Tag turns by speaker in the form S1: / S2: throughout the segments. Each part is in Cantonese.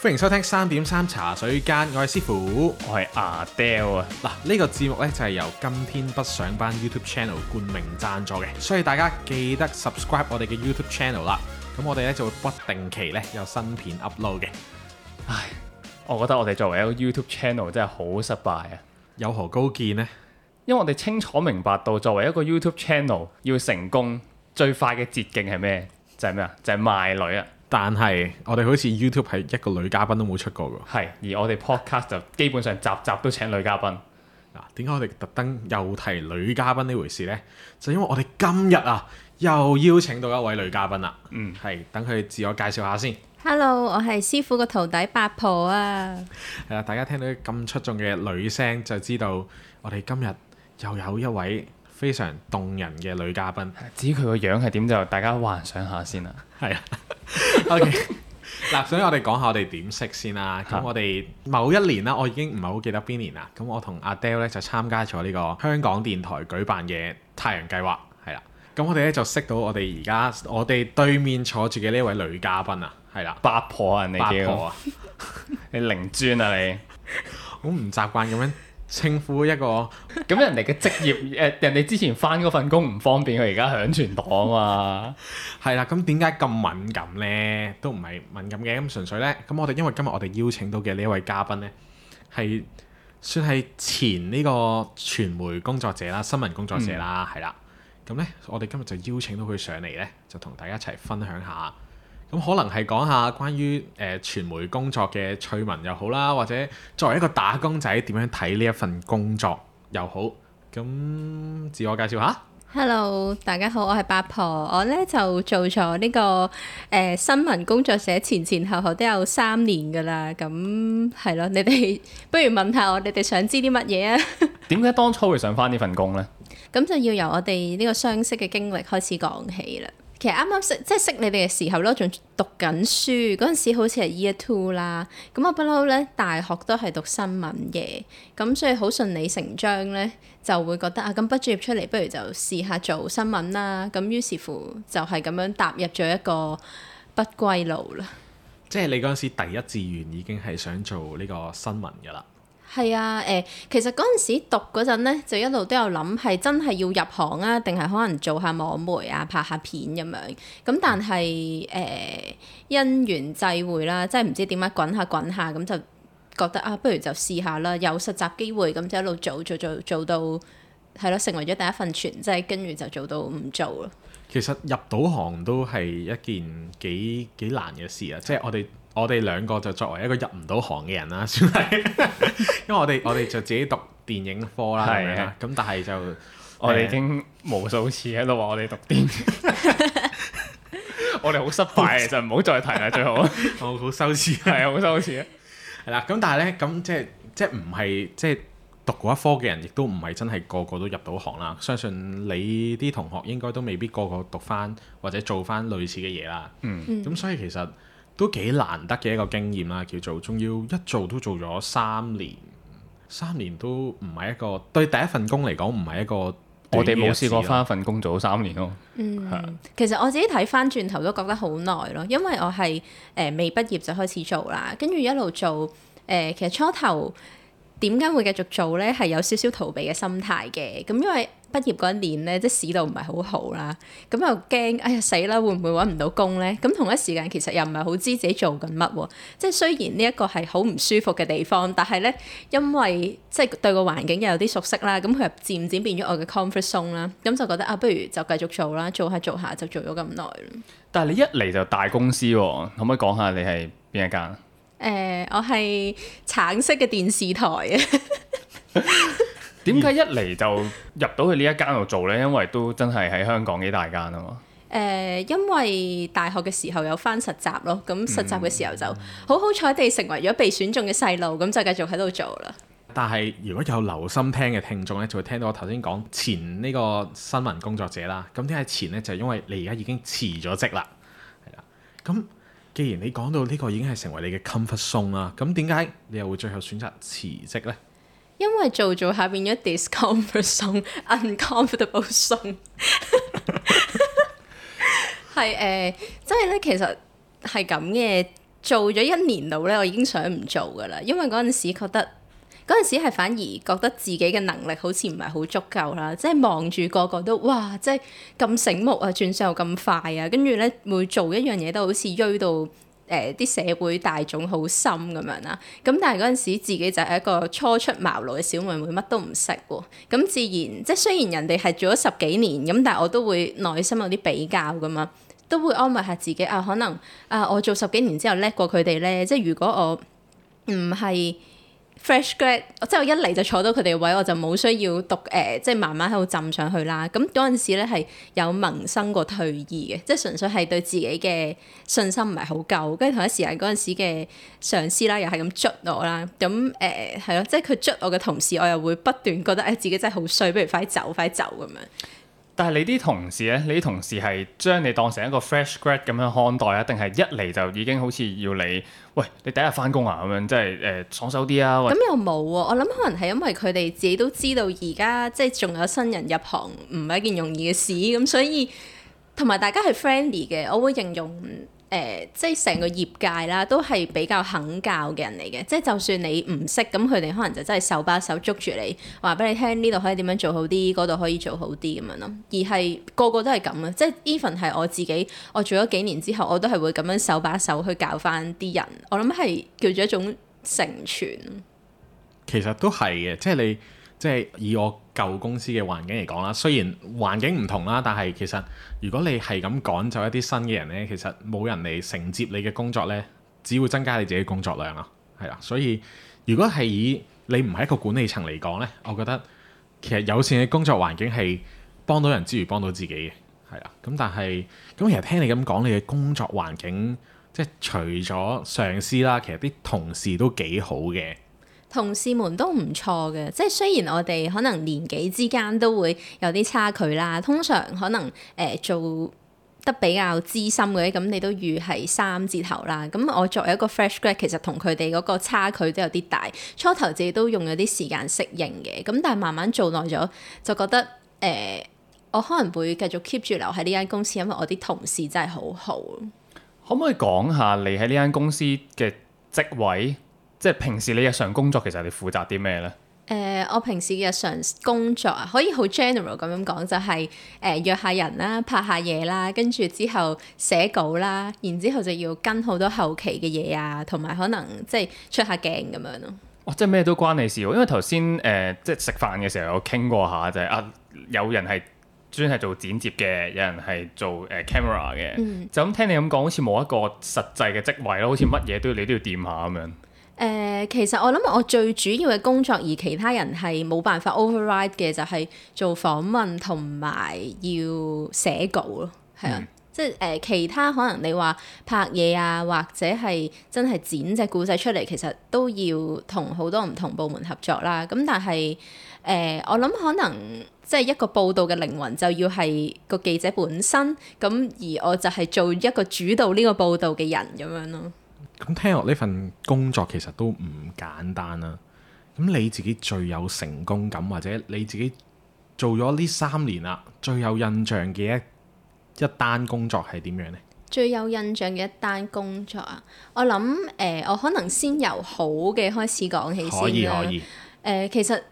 S1: 歡迎收聽三點三茶水間，我係師傅，我係阿 Dal 啊！嗱、這個，呢個節目咧就係、是、由今天不上班 YouTube Channel 冠名贊助嘅，所以大家記得 subscribe 我哋嘅 YouTube Channel 啦。咁我哋呢就會不定期咧有新片 upload 嘅。
S2: 唉，我覺得我哋作為一個 YouTube Channel 真係好失敗啊！有何高見呢？因為我哋清楚明白到作為一個 YouTube Channel 要成功最快嘅捷徑係
S1: 咩？就係咩啊？就係、是、賣女啊！但係我哋好似 YouTube 係一個女嘉賓都冇出過噶，係而我哋 Podcast 就基本上集集都請女嘉賓。嗱、啊，點解我哋特登又提女嘉賓呢回事呢？就因為我哋今日啊，又邀請到一位女嘉賓啦。嗯，係等佢自我介紹下先。
S3: Hello，我係師傅個徒弟八婆啊。
S1: 係啊，大家聽到咁出眾嘅女聲，就知道我哋今日又有一位。非常動人嘅女嘉賓，至於佢個樣係點就大家幻想下先 啦。係啊，OK 嗱，所以我哋講下我哋點識先啦。咁我哋某一年啦，我已經唔係好記得邊年啦。咁我同阿 Dal 咧就參加咗呢個香港電台舉辦嘅《太陽計劃》係啦。咁我哋咧就識到我哋而家我哋對面坐住嘅呢位女嘉賓啊，係啦，八婆啊，叫八婆啊 你幾好啊？你靈尊啊你，好唔 習慣咁樣？稱呼一個咁 人哋嘅職業誒，人哋之前返嗰份工唔方便，佢而家響傳道啊嘛。係啦， 咁點解咁敏感呢？都唔係敏感嘅，咁純粹呢。咁我哋因為今日我哋邀請到嘅呢一位嘉賓呢，係算係前呢個傳媒工作者啦、新聞工作者啦，係啦、嗯。咁呢，我哋今日就邀請到佢上嚟呢，就同大家一齊分享下。咁可能係講下關於誒傳媒工作嘅趣聞又好啦，或者作為一個打工仔點樣睇呢一份工作又好。咁自我介紹下。
S3: Hello，大家好，我係八婆，我呢就做咗呢、這個誒、呃、新聞工作社前前後後都有三年噶啦。咁係咯，你哋不如問下我，你哋想知啲乜嘢啊？
S2: 點 解當初會想返呢份工呢？
S3: 咁就要由我哋呢個相識嘅經歷開始講起啦。其實啱啱識即係識你哋嘅時候咯，仲讀緊書嗰陣時好，好似係 year two 啦。咁我不嬲咧，大學都係讀新聞嘅，咁所以好順理成章咧，就會覺得啊，咁畢咗業出嚟，不如就試下做新聞啦。咁於是乎就係咁樣踏入咗一個不歸路啦。
S1: 即係你嗰陣時第一志願已經係想做呢個新聞噶啦？
S3: 係啊，誒、呃，其實嗰陣時讀嗰陣咧，就一路都有諗係真係要入行啊，定係可能做下網媒啊、拍下片咁樣。咁、嗯、但係誒、呃，因緣際會啦，即係唔知點解滾下滾下，咁、嗯、就覺得啊，不如就試下啦。有實習機會咁、嗯、就一路做做做做到，係咯、啊，成為咗第一份全職，即係跟住就做到唔做啦。
S1: 其實入到行都係一件幾幾難嘅事啊，即係我哋。我哋兩個就作為一個入唔到行嘅人啦，算係， 因為我哋我哋就自己讀電影科啦，咁 但係就我哋已經無數次喺度話我哋讀電影， 我哋好失敗，其實唔好再提啦，最好，好、 哦、羞恥，係啊，好羞恥，係啦， 咁但係咧，咁即係即係唔係即係讀嗰一科嘅人，亦都唔係真係個個都入到行啦。相信你啲同學應該都未必個個讀翻或者做翻類似嘅嘢啦。嗯，咁所以其實。都幾難得嘅一個經驗啦，叫做仲要一做都做咗三年，三年都唔係一個對第一份工嚟講唔係一個短短，我哋冇試過翻一份工做咗三年咯。嗯，
S3: 係啊，其實我自己睇翻轉頭都覺得好耐咯，因為我係誒、呃、未畢業就開始做啦，跟住一路做誒、呃，其實初頭。點解會繼續做呢？係有少少逃避嘅心態嘅，咁因為畢業嗰一年呢，即市道唔係好好啦，咁又驚，哎呀死啦，會唔會揾唔到工呢？咁同一時間其實又唔係好知自己做緊乜喎。即雖然呢一個係好唔舒服嘅地方，但係呢，因為即對個環境又有啲熟悉啦，咁佢又漸漸變咗我嘅 comfort zone 啦，嗯，咁就覺得啊，不如就繼續做啦，做下做下就做咗咁耐。
S2: 但係你一嚟就大公司，哦，可唔可以講下你係邊一間？
S3: 誒、呃，我係橙色嘅電視台
S2: 啊！點 解 一嚟就入到去呢一間度做呢？因為都真係喺香港幾大間啊嘛！
S3: 誒、呃，因為大學嘅時候有返實習咯，咁實習嘅時候就好好彩地成為咗被選中嘅細路，咁就繼續喺度做啦。
S1: 但係如果有留心聽嘅聽眾咧，就會聽到我頭先講前呢個新聞工作者啦。咁點解前呢，就因為你而家已經辭咗職啦？係啦，咁。既然你講到呢個已經係成為你嘅 comfort zone 啦，咁點解你又會最後選擇辭職呢？
S3: 因為做做下變咗 discomfort zone，uncomfortable zone。係 誒， 即係咧，其實係咁嘅，做咗一年度咧，我已經想唔做噶啦，因為嗰陣時覺得。嗰陣時係反而覺得自己嘅能力好似唔係好足夠啦，即係望住個個都哇，即係咁醒目啊，轉數又咁快啊，跟住咧每做一樣嘢都好似追到誒啲、呃、社會大眾好深咁樣啦。咁但係嗰陣時自己就係一個初出茅廬嘅小妹妹，乜都唔識喎。咁、嗯、自然即係雖然人哋係做咗十幾年，咁但我都會內心有啲比較噶嘛，都會安慰下自己啊，可能啊我做十幾年之後叻過佢哋咧。即係如果我唔係。fresh grad，即係我一嚟就坐到佢哋嘅位，我就冇需要讀誒、呃，即係慢慢喺度浸上去啦。咁嗰陣時咧係有萌生過退意嘅，即係純粹係對自己嘅信心唔係好夠。跟住同一時間嗰陣時嘅上司啦，又係咁捽我啦。咁誒係咯，即係佢捽我嘅同時，我又會不斷覺得誒、呃、自己真係好衰，不如快啲走，快啲走咁樣。
S2: 但係你啲同事咧，你啲同事係將你當成一個 fresh grad 咁樣看待啊？定係一嚟就已經好似要你，喂，你第一日翻工啊咁樣，即係誒爽手啲啊？咁
S3: 又冇喎、啊，我諗可能係因為佢哋自己都知道而家即係仲有新人入行唔係一件容易嘅事，咁所以同埋大家係 friendly 嘅，我會形容。誒、呃，即係成個業界啦，都係比較肯教嘅人嚟嘅。即係就算你唔識，咁佢哋可能就真係手把手捉住你，話俾你聽呢度可以點樣做好啲，嗰度可以做好啲咁樣咯。而係個個都係咁呀，即係 even 係我自己，我做咗幾年之後，我都係會咁樣手把手去教翻啲人。我諗係叫做一種成全。
S1: 其實都係嘅，即係你。即係以我舊公司嘅環境嚟講啦，雖然環境唔同啦，但係其實如果你係咁趕走一啲新嘅人咧，其實冇人嚟承接你嘅工作咧，只會增加你自己工作量啊。係啦。所以如果係以你唔係一個管理層嚟講咧，我覺得其實友善嘅工作環境係幫到人之餘幫到自己嘅，係啦。咁但係咁其實聽你咁講，你嘅工作環境即係除咗上司啦，其實啲同事都幾好嘅。
S3: 同事們都唔錯嘅，即係雖然我哋可能年紀之間都會有啲差距啦。通常可能誒、呃、做得比較資深嘅，咁你都預係三字頭啦。咁我作為一個 fresh grad，其實同佢哋嗰個差距都有啲大。初頭自己都用咗啲時間適應嘅，咁但係慢慢做耐咗，就覺得誒、呃，我可能會繼續 keep 住留喺呢間公司，因為我啲同事真係
S2: 好好。可唔可以講下你喺呢間公司嘅職位？即係平時你日常工作其實你負責啲咩呢？
S3: 誒、呃，我平時日常工作啊，可以好 general 咁樣講，就係、是、誒、呃、約下人啦，拍下嘢啦，跟住之後寫稿啦，然之後就要跟好多後期嘅嘢啊，同埋可能即係出下鏡咁樣咯、
S2: 哦。即係咩都關你事喎？因為頭先誒即係食飯嘅時候有傾過下，就係、是、啊有人係專係做剪接嘅，有人係做誒、呃、camera 嘅，嗯、就咁聽你咁講，好似冇一個實際嘅職位咯，好似乜嘢都要你都要掂下咁樣。
S3: 誒、呃，其實我諗我最主要嘅工作，而其他人係冇辦法 override 嘅，就係、是、做訪問同埋要寫稿咯，係啊，即係誒，其他可能你話拍嘢啊，或者係真係剪隻故仔出嚟，其實都要同好多唔同部門合作啦。咁但係誒、呃，我諗可能即係一個報導嘅靈魂，就要係個記者本身咁，而我就係做一個主導呢個報導嘅人咁樣咯。
S1: 咁聽落呢份工作其實都唔簡單啦。咁你自己最有成功感，或者你自己做咗呢三年啦，最有印象嘅一一單工作係點樣呢？
S3: 最有印象嘅一單工作啊，我諗誒、呃，我可能先由好嘅開始講起先啦。可以可以。誒、呃，其實。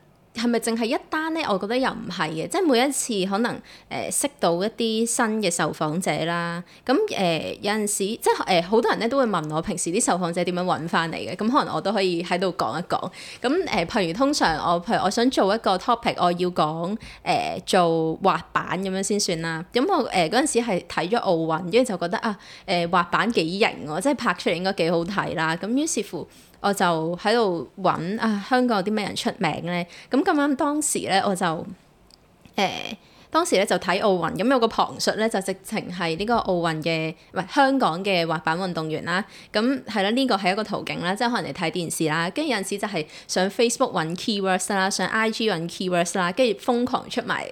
S3: 係咪淨係一單咧？我覺得又唔係嘅，即係每一次可能誒、呃、識到一啲新嘅受訪者啦。咁、嗯、誒、呃、有陣時，即係誒好多人咧都會問我，平時啲受訪者點樣揾翻嚟嘅？咁、嗯、可能我都可以喺度講一講。咁、嗯、誒、呃，譬如通常我譬如我想做一個 topic，我要講誒、呃、做滑板咁樣先算啦。咁、嗯、我誒嗰陣時係睇咗奧運，跟住就覺得啊誒、呃、滑板幾型喎，即係拍出嚟應該幾好睇啦。咁、嗯、於是乎。我就喺度揾啊，香港有啲咩人出名咧？咁咁啱當時咧，我就誒、欸、當時咧就睇奧運，咁有個旁述咧就直情係呢個奧運嘅，唔、呃、香港嘅滑板運動員啦。咁係啦，呢個係一個途徑啦，即係可能你睇電視啦，跟住有陣時就係上 Facebook 揾 keywords 啦，上 IG 揾 keywords 啦，跟住瘋狂出賣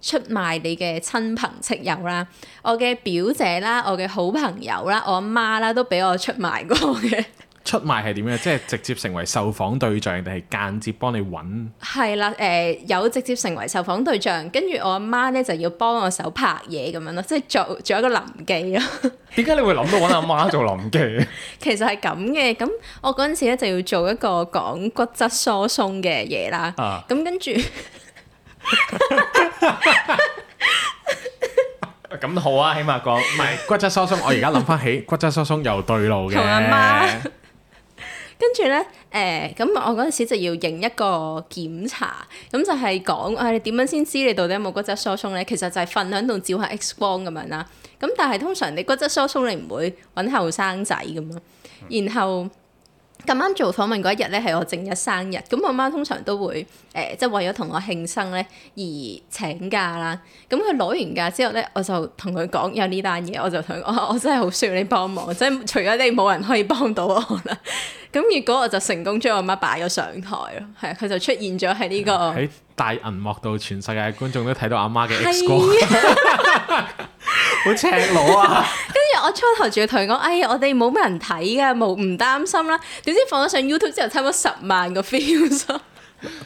S3: 誒出賣你嘅親朋戚友啦。我嘅表姐啦，我嘅好朋友啦，我阿媽啦，都俾我出賣過嘅。
S1: 出賣係點樣？即係直接成為受訪對象，定係間接幫你搵？
S3: 係啦，誒，有直接成為受訪對象，跟住我阿媽咧就要幫我手拍嘢咁樣咯，即係做做一個臨記咯。
S2: 點解你會諗到搵阿媽做臨記？
S3: 其實係咁嘅，咁我嗰陣時咧就要做一個講骨質疏鬆嘅嘢啦。咁跟住
S2: 咁好啊，起碼講，唔係骨質疏
S1: 鬆。我而家諗翻起骨質疏鬆又對路嘅同阿媽。
S2: 跟住咧，
S3: 誒，咁、欸、我嗰陣時就要影一個檢查，咁就係講，啊、你點樣先知你到底有冇骨質疏鬆咧？其實就係瞓響度照下 X 光咁樣啦。咁但係通常你骨質疏鬆你唔會揾後生仔咁樣，然後。咁啱做訪問嗰一日咧，係我正日生日。咁我媽通常都會誒、呃，即係為咗同我慶生咧而請假啦。咁佢攞完假之後咧，我就同佢講有呢單嘢，我就同佢講、哦：我我真係好需要你幫忙，即係除咗你冇人可以幫到我啦。咁 結果我就成功將我媽擺咗上台咯，係佢就出現咗喺呢個喺
S1: 大銀幕度，全世界觀眾都睇到阿媽嘅 X 光。好赤裸啊！
S3: 跟住我初頭仲要同佢講，哎呀，我哋冇乜人睇噶，冇唔擔心啦。點知放咗上 YouTube 之後，差唔多十萬個 views。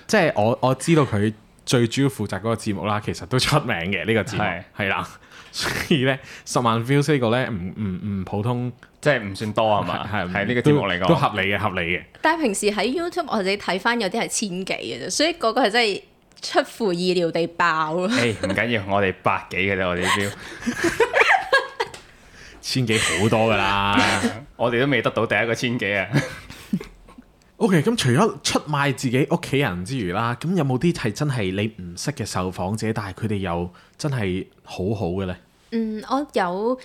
S1: 即係我我知道佢最主要負責嗰個節目啦，其實都出名嘅呢、這個節目係啦。所以咧，十萬 views 呢個咧，唔唔唔普通，即係唔算多係嘛？係係呢個節目嚟講都,都合理嘅，合理嘅。
S3: 但係平時喺 YouTube 我自己睇翻有啲係千幾嘅，所以嗰個係真係。出乎意料地爆啊！唔
S2: 緊要，我哋百幾嘅啫，我哋啲標 千幾好多噶啦， 我哋都未得到第一個千幾啊。
S1: OK，咁除咗出賣自己屋企人之餘啦，咁有冇啲係真係你唔識嘅受訪者，但係佢哋又真係好好嘅咧？
S3: 嗯，我有。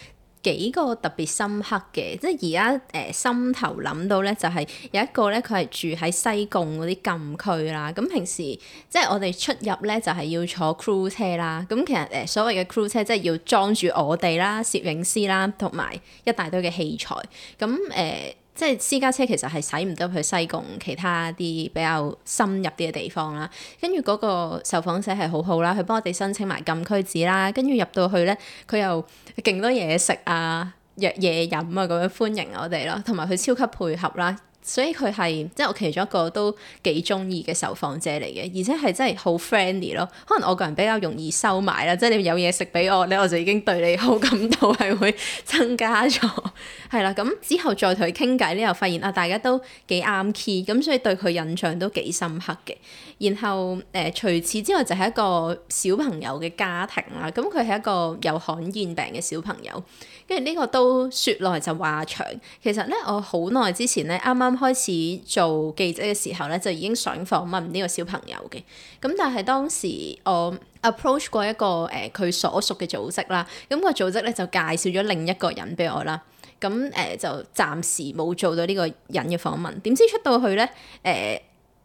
S3: 幾個特別深刻嘅，即係而家誒心頭諗到咧，就係、是、有一個咧，佢係住喺西貢嗰啲禁區啦。咁平時即係我哋出入咧，就係、是、要坐 crew 車啦。咁其實誒、呃、所謂嘅 crew 車，即係要裝住我哋啦、攝影師啦，同埋一大堆嘅器材。咁誒。呃即係私家車其實係使唔得去西貢其他啲比較深入啲嘅地方啦。跟住嗰個受訪者係好好啦，佢幫我哋申請埋禁區紙啦。跟住入到去咧，佢又勁多嘢食啊、藥嘢飲啊咁樣歡迎我哋咯，同埋佢超級配合啦。所以佢係即係我其中一個都幾中意嘅受訪者嚟嘅，而且係真係好 friendly 咯。可能我個人比較容易收買啦，即係你有嘢食俾我咧，我就已經對你好感度係會增加咗，係 啦。咁之後再同佢傾偈咧，又發現啊大家都幾啱 key，咁所以對佢印象都幾深刻嘅。然後誒、呃、除此之外就係、是、一個小朋友嘅家庭啦，咁佢係一個有罕見病嘅小朋友。因為呢個都說來就話長。其實咧我好耐之前咧，啱啱開始做記者嘅時候咧，就已經想訪問呢個小朋友嘅。咁但係當時我 approach 過一個誒佢、呃、所屬嘅組織啦，咁、嗯個組織咧就介紹咗另一個人俾我啦。咁、嗯、誒、呃、就暫時冇做到呢個人嘅訪問。點知出到去咧，誒、呃、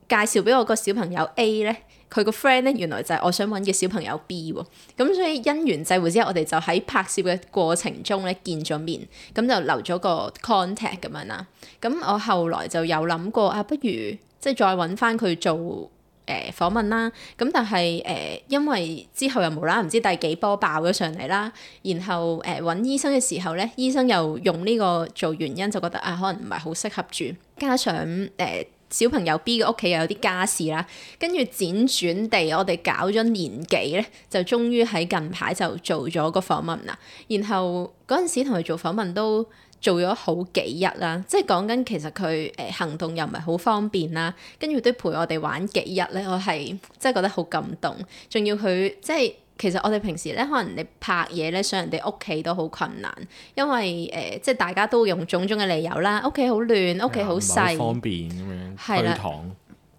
S3: 介紹俾我個小朋友 A 咧。佢個 friend 咧，原來就係我想揾嘅小朋友 B 喎，咁、嗯、所以因緣際會之下，我哋就喺拍攝嘅過程中咧見咗面，咁、嗯、就留咗個 contact 咁樣啦。咁、嗯、我後來就有諗過啊，不如即係、就是、再揾翻佢做誒、呃、訪問啦。咁但係誒、呃，因為之後又無啦唔知第幾波爆咗上嚟啦，然後誒揾、呃、醫生嘅時候咧，醫生又用呢個做原因就覺得啊，可能唔係好適合住，加上誒、呃小朋友 B 嘅屋企又有啲家事啦，跟住輾轉地，我哋搞咗年幾咧，就終於喺近排就做咗個訪問啦。然後嗰陣時同佢做訪問都做咗好幾日啦，即係講緊其實佢誒、呃、行動又唔係好方便啦，跟住都陪我哋玩幾日咧，我係真係覺得好感動，仲要佢即係。其實我哋平時咧，可能你拍嘢咧，上人哋屋企都好困難，因為誒、呃，即係大家都用種種嘅理由啦。屋企好亂，屋企好細，呃、方
S1: 便咁樣。係啦，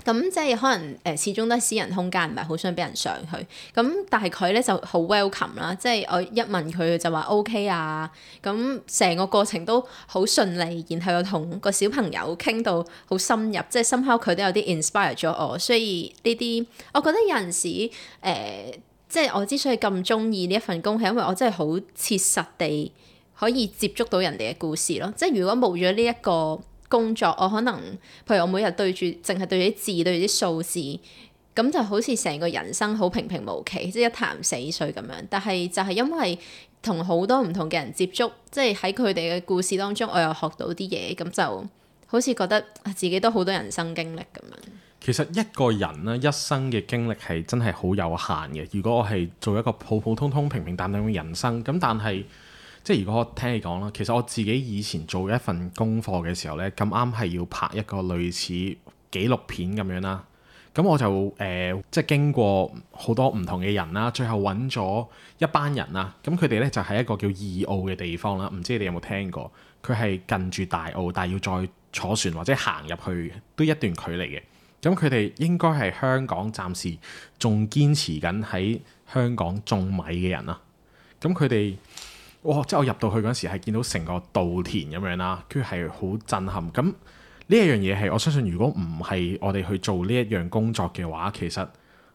S3: 咁、嗯、即係可能誒、呃，始終都係私人空間，唔係好想俾人上去。咁、嗯、但係佢咧就好 welcome 啦，即係我一問佢就話 OK 啊。咁、嗯、成個過程都好順利，然後又同個小朋友傾到好深入，即係深刻，佢都有啲 inspire 咗我。所以呢啲，我覺得有陣時誒。呃即係我之所以咁中意呢一份工，係因為我真係好切實地可以接觸到人哋嘅故事咯。即係如果冇咗呢一個工作，我可能譬如我每日對住淨係對住啲字、對住啲數字，咁就好似成個人生好平平無奇，即係一潭死水咁樣。但係就係因為同好多唔同嘅人接觸，即係喺佢哋嘅故事當中，我又學到啲嘢，咁就好似覺得自己都好多人生經歷咁樣。
S1: 其實一個人咧一生嘅經歷係真係好有限嘅。如果我係做一個普普通通平平淡淡嘅人生咁，但係即係如果我聽你講啦，其實我自己以前做一份功課嘅時候呢，咁啱係要拍一個類似紀錄片咁樣啦。咁我就誒、呃、即係經過好多唔同嘅人啦，最後揾咗一班人啦。咁佢哋呢，就喺一個叫二澳嘅地方啦，唔知你哋有冇聽過？佢係近住大澳，但係要再坐船或者行入去都一段距離嘅。咁佢哋應該係香港暫時仲堅持緊喺香港種米嘅人啦、啊。咁佢哋，哇！即係我入到去嗰時係見到成個稻田咁樣啦、啊，跟住係好震撼。咁呢一樣嘢係我相信，如果唔係我哋去做呢一樣工作嘅話，其實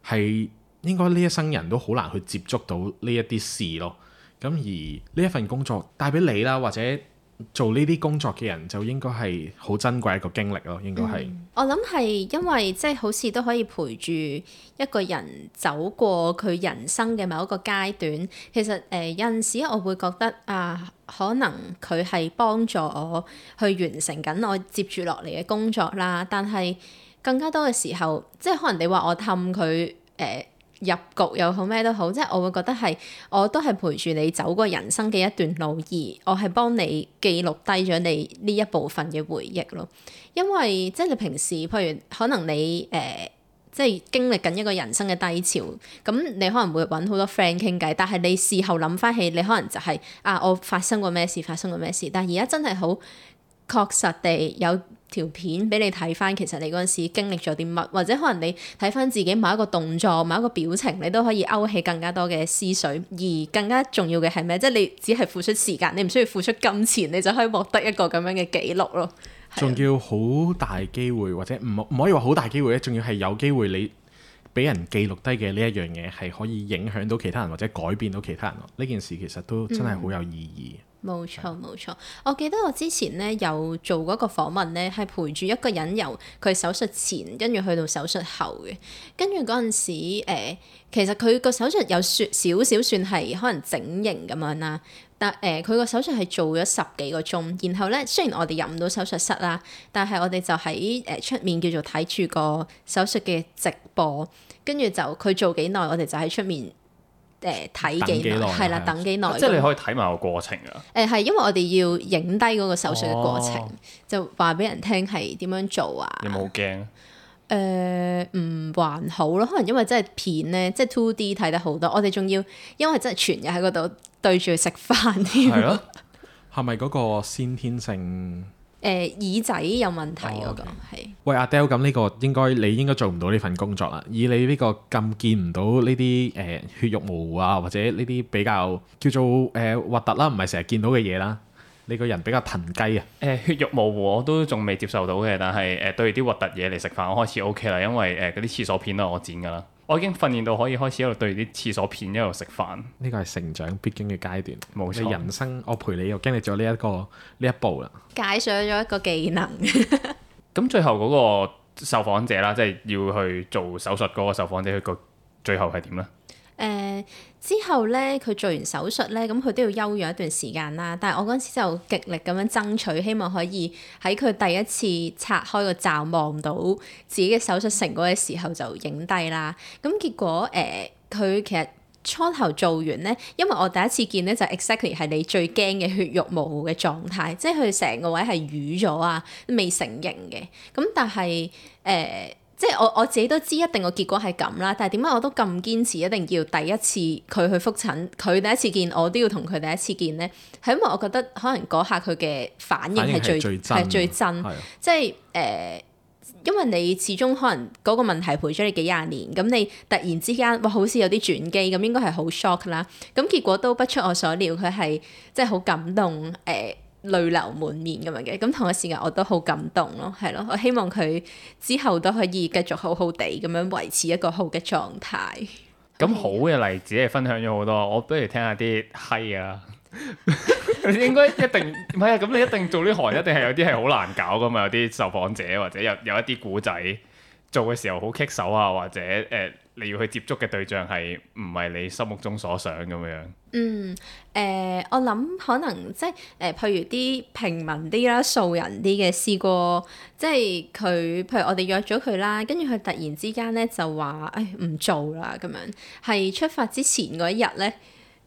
S1: 係應該呢一生人都好難去接觸到呢一啲事咯。咁而呢一份工作帶俾你啦，或者～做呢啲工作嘅人就應該係好珍貴一個經歷咯，應該係、嗯。
S3: 我諗係因為即係、就是、好似都可以陪住一個人走過佢人生嘅某一個階段。其實誒、呃、有陣時我會覺得啊，可能佢係幫助我去完成緊我接住落嚟嘅工作啦。但係更加多嘅時候，即、就、係、是、可能你話我氹佢誒。呃入局又好咩都好，即係我會覺得係我都係陪住你走過人生嘅一段路，而我係幫你記錄低咗你呢一部分嘅回憶囉。因為即係你平時譬如可能你誒、呃、即係經歷緊一個人生嘅低潮，咁你可能會搵好多 friend 傾偈，但係你事後諗返起，你可能就係、是、啊我發生過咩事，發生過咩事，但係而家真係好確實地有條片俾你睇翻，其實你嗰陣時經歷咗啲乜，或者可能你睇翻自己某一個動作、某一個表情，你都可以勾起更加多嘅思緒。而更加重要嘅係咩？即係你只係付出時間，你唔需要付出金錢，你就可以獲得一個咁樣嘅記錄咯。
S1: 仲要好大機會，或者唔唔可以話好大機會咧？仲要係有機會你俾人記錄低嘅呢一樣嘢，係可以影響到其他人，或者改變到其他人。呢件事其實都真係好有意義。嗯。
S3: 冇錯冇錯，我記得我之前咧有做過一個訪問咧，係陪住一個人由佢手術前跟住去到手術後嘅。跟住嗰陣時，呃，其實佢個手術有算少，少少算係可能整形咁樣啦，但誒佢個手術係做咗十幾個鐘。然後咧，雖然我哋入唔到手術室啦，但係我哋就喺誒出面叫做睇住個手術嘅直播，跟住就佢做幾耐，我哋就喺出面。誒睇幾耐係啦，等幾耐、啊樣啊。即係你可以
S2: 睇埋個過程
S3: 啊！誒係、呃，因為我哋要影低嗰個手術嘅過程，哦、就話俾人聽係點樣做啊！
S2: 你冇驚？
S3: 誒唔、呃、還好咯，可能因為真係片咧，即係 two D 睇得好多。我哋仲要因為真係全日喺嗰度對住佢食飯添、哦。係
S1: 咯， 係咪嗰個先天性？
S3: 呃、耳仔有問題嗰個
S1: 係。喂阿 Dal，咁呢個應該你應該做唔到呢份工作啦。以你呢個咁見唔到呢啲誒血肉模糊啊，或者呢啲比較叫做誒核突啦，唔係成日見到嘅嘢啦。你個人比較騰雞啊？誒、呃、血肉模糊我都仲未接受到嘅，但係誒、呃、對啲核突嘢
S2: 嚟食飯我開始 O、OK、K 啦，因為誒嗰啲廁所片都我剪㗎啦。我已經訓練到可以開始喺度對啲廁
S1: 所片一路食飯，呢個係成長必經嘅階段。冇錯，你人生我陪你又經歷咗呢一個呢一步啦，
S3: 解鎖咗一個技能。
S1: 咁 最後嗰個
S2: 受訪者啦，即係要去做手術嗰個受訪者，佢個最後係點咧？
S3: 誒、嗯、之後咧，佢做完手術咧，咁佢都要休養一段時間啦。但係我嗰陣時就極力咁樣爭取，希望可以喺佢第一次拆開個罩望到自己嘅手術成果嘅時候就影低啦。咁、嗯嗯嗯、結果誒，佢、呃、其實初頭做完咧，因為我第一次見咧就 exactly 係你最驚嘅血肉模糊嘅狀態，即係佢成個位係瘀咗啊，未成形嘅。咁但係誒。呃即係我我自己都知一定個結果係咁啦，但係點解我都咁堅持一定要第一次佢去覆診，佢第一次見我都要同佢第一次見咧？係因為我覺得可能嗰下佢嘅反應係最係最真，最真的即係誒、呃，因為你始終可能嗰個問題陪咗你幾廿年，咁你突然之間哇好似有啲轉機，咁應該係好 shock 啦。咁結果都不出我所料，佢係即係好感動誒。呃淚流滿面咁樣嘅，咁同一時間我都好感動咯，係咯，我希望佢之後都可以繼續好好地咁樣維持一個好嘅狀態。
S2: 咁、嗯、 好嘅例子係分享咗好多，我不如聽下啲閪啊，哎、呀 應該一定唔係啊，咁 你一定做呢行一定係有啲係好難搞噶嘛，有啲受訪者或者有有一啲古仔做嘅時候好棘手啊，或者誒。呃你要去接觸嘅對象係唔係你心目中所想咁樣？
S3: 嗯，誒、呃，我諗可能即係誒、呃，譬如啲平民啲啦、素人啲嘅試過，即係佢，譬如我哋約咗佢啦，跟住佢突然之間咧就話，誒，唔做啦咁樣，係出發之前嗰一日咧。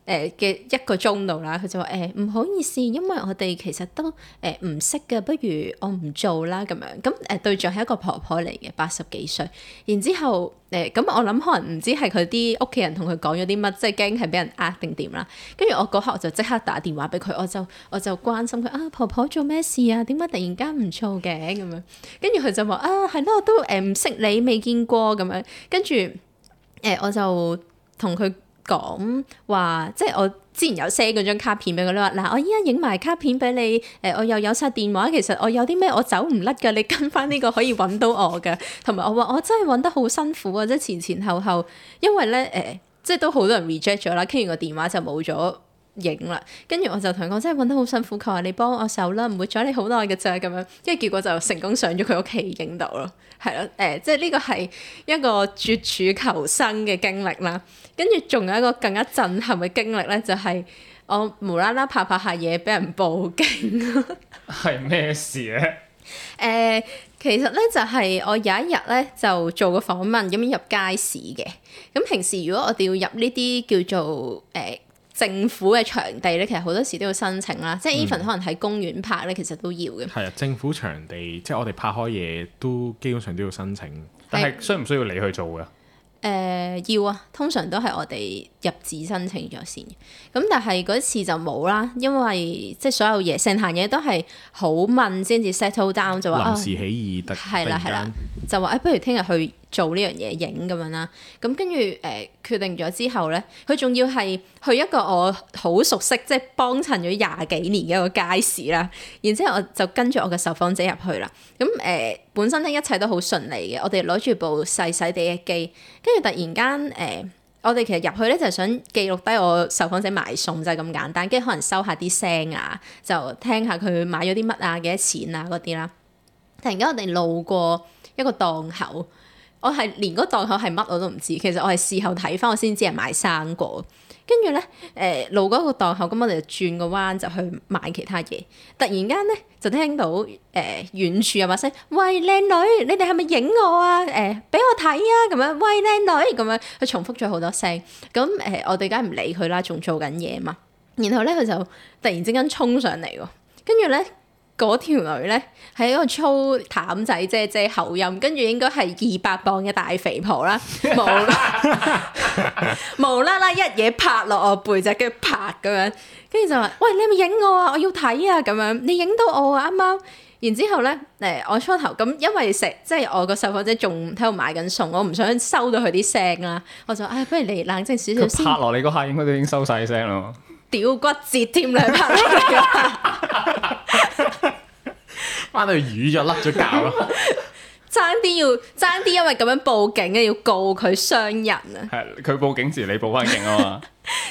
S3: 誒嘅一個鐘度啦，佢就話誒唔好意思，因為我哋其實都誒唔、欸、識嘅，不如我唔做啦咁樣。咁誒、呃、對象係一個婆婆嚟嘅，八十幾歲。然之後誒咁，欸、我諗可能唔知係佢啲屋企人同佢講咗啲乜，即係驚係俾人呃定點啦。跟住我嗰刻我就即刻打電話俾佢，我就我就關心佢啊婆婆做咩事啊？點解突然間唔做嘅咁樣？跟住佢就話啊係咯，我都誒唔、欸、識你未見過咁樣。跟住誒我就同佢，講話即係我之前有 send 嗰張卡片俾佢，話嗱我依家影埋卡片俾你。誒、呃、我又有晒電話，其實我有啲咩我走唔甩㗎，你跟返呢個可以揾到我㗎。同埋我話我真係揾得好辛苦啊，即前前後後，因為咧誒、呃，即係都好多人 reject 咗啦，傾完個電話就冇咗。影啦，跟住我就同佢講，真係揾得好辛苦，佢話你幫我手啦，唔會阻你好耐嘅咋。咁樣，跟住結果就成功上咗佢屋企影到咯，係咯，誒、呃，即係呢個係一個絕處求生嘅經歷啦。跟住仲有一個更加震撼嘅經歷咧，就係、是、我無啦啦拍拍下嘢，俾人報
S2: 警。係咩事咧？誒、
S3: 呃，其實咧就係我有一日咧就做個訪問咁樣入街市嘅，咁平時如果我哋要入呢啲叫做誒、呃政府嘅場地咧，其實好多時都要申請啦，嗯、即係 even 可能喺公園拍咧，其實都要
S1: 嘅。係啊，政府場地即係、就是、我哋拍開嘢都基本上都要申請，的但係需唔需要你去做嘅？
S3: 誒、呃，要啊，通常都係我哋，入紙申請咗先，咁但係嗰次就冇啦，因為即係所有嘢成行嘢都係好問先至 settle down，就話臨時
S1: 起意，突然間，係啦係啦，
S3: 就話誒、哎，不如聽日去做呢樣嘢影咁樣啦。咁跟住誒決定咗之後咧，佢仲要係去一個我好熟悉，即係幫襯咗廿幾年嘅一個街市啦。然之後我就跟住我嘅受訪者入去啦。咁誒、呃、本身咧一切都好順利嘅，我哋攞住部細細地嘅機，跟住突然間誒。呃我哋其實入去咧就係想記錄低我受訪者買餸就係咁簡單，跟住可能收下啲聲啊，就聽下佢買咗啲乜啊，幾多錢啊嗰啲啦。突然間我哋路過一個檔口，我係連個檔口係乜我都唔知，其實我係事後睇翻我先知係買生果。跟住咧，誒路過嗰個檔口，咁我哋就轉個彎就去買其他嘢。突然間咧，就聽到誒呃、遠處有把聲，喂靚女，你哋係咪影我啊？誒、呃，俾我睇啊！咁樣，喂靚女，咁樣佢重複咗好多聲。咁誒、呃，我哋梗係唔理佢啦，仲做緊嘢嘛。然後咧，佢就突然之間衝上嚟喎。跟住咧。嗰條女咧係一個粗譚仔，姐姐口音，跟住應該係二百磅嘅大肥婆啦，無啦啦 一嘢拍落我背脊，跟住拍咁樣，跟住就話：喂，你係咪影我啊？我要睇啊！咁樣你影到我啊啱啱？然之後咧，誒、欸、我初頭咁，因為食即係我個受訪者仲喺度買緊餸，我唔想收到佢啲聲啦，我就唉、哎，不如你冷靜少少拍
S2: 落你嗰下應該都已經收晒聲啦。
S3: 屌，骨折添啦！
S2: 翻到淤咗，甩咗搞咯。
S3: 爭啲 要爭啲，因為咁樣報警咧，要告佢傷人啊。
S2: 係佢報警時，呃、你報翻警啊嘛。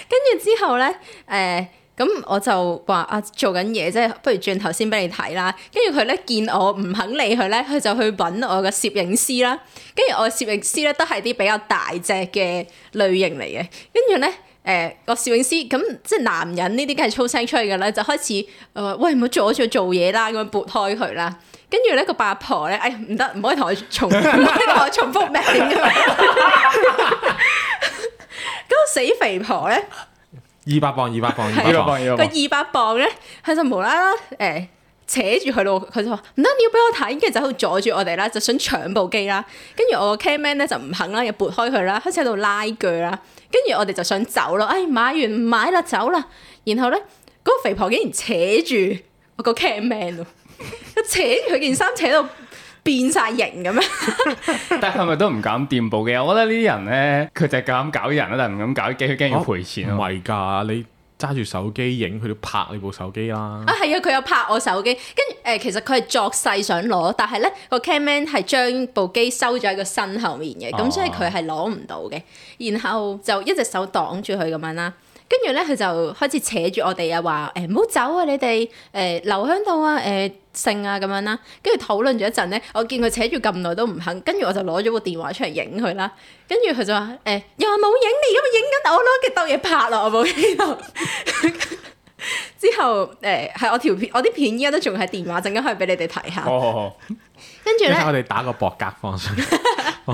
S3: 跟住之後咧，誒，咁我就話啊，做緊嘢，即係不如轉頭先俾你睇啦。跟住佢咧見我唔肯理佢咧，佢就去搵我個攝影師啦。跟住我攝影師咧都係啲比較大隻嘅類型嚟嘅。跟住咧。誒個攝影師咁即係男人呢啲梗係粗聲出嚟嘅啦，就開始誒、呃、喂唔好阻住做嘢啦，咁樣撥開佢啦。跟住咧、嗰個八婆咧，哎呀唔得，唔可以同佢重，唔可以同佢重複名。咁 個死肥婆咧，
S1: 二百磅，二百磅， 的二百磅，二二
S3: 百磅咧，佢就無啦啦誒。欸扯住佢咯，佢就話唔得，你要俾我睇，跟住就喺度阻住我哋啦，就想搶部機啦。跟住我個 camman 咧就唔肯啦，又撥開佢啦，開始喺度拉鋸啦。跟住我哋就想走咯，誒、哎、買完唔買啦走啦。然後咧嗰、那個肥婆竟然扯住我個 camman 咯，扯住佢件衫扯到變晒形咁樣。
S2: 但係係咪都唔敢掂部機？我覺得呢啲人咧，佢就係咁搞人啦，唔敢搞機，
S1: 驚要賠錢啊！唔係、哦、你。揸住手機影佢都拍你部手機啦！啊，
S3: 係啊，佢有拍我手機，跟住、呃、其實佢係作勢想攞，但係咧個 cam man 係將部機收咗喺個身後面嘅，咁所以佢係攞唔到嘅，然後就一隻手擋住佢咁樣啦。跟住咧，佢就開始扯住我哋啊，話誒唔好走啊，你哋誒、欸、留喺度啊，誒、欸、勝啊咁樣啦。跟住討論咗一陣咧，我見佢扯住咁耐都唔肯，跟住我就攞咗部電話出嚟影佢啦。跟住佢就話誒、欸，又話冇影你，咁影緊我攞嘅執嘢拍咯，我冇影到。 之後誒，係、欸、我條片，我啲片而家都仲喺電話，陣間可以俾你哋睇下。哦、oh,
S1: oh，跟住咧，我哋打個博格方。
S2: 唔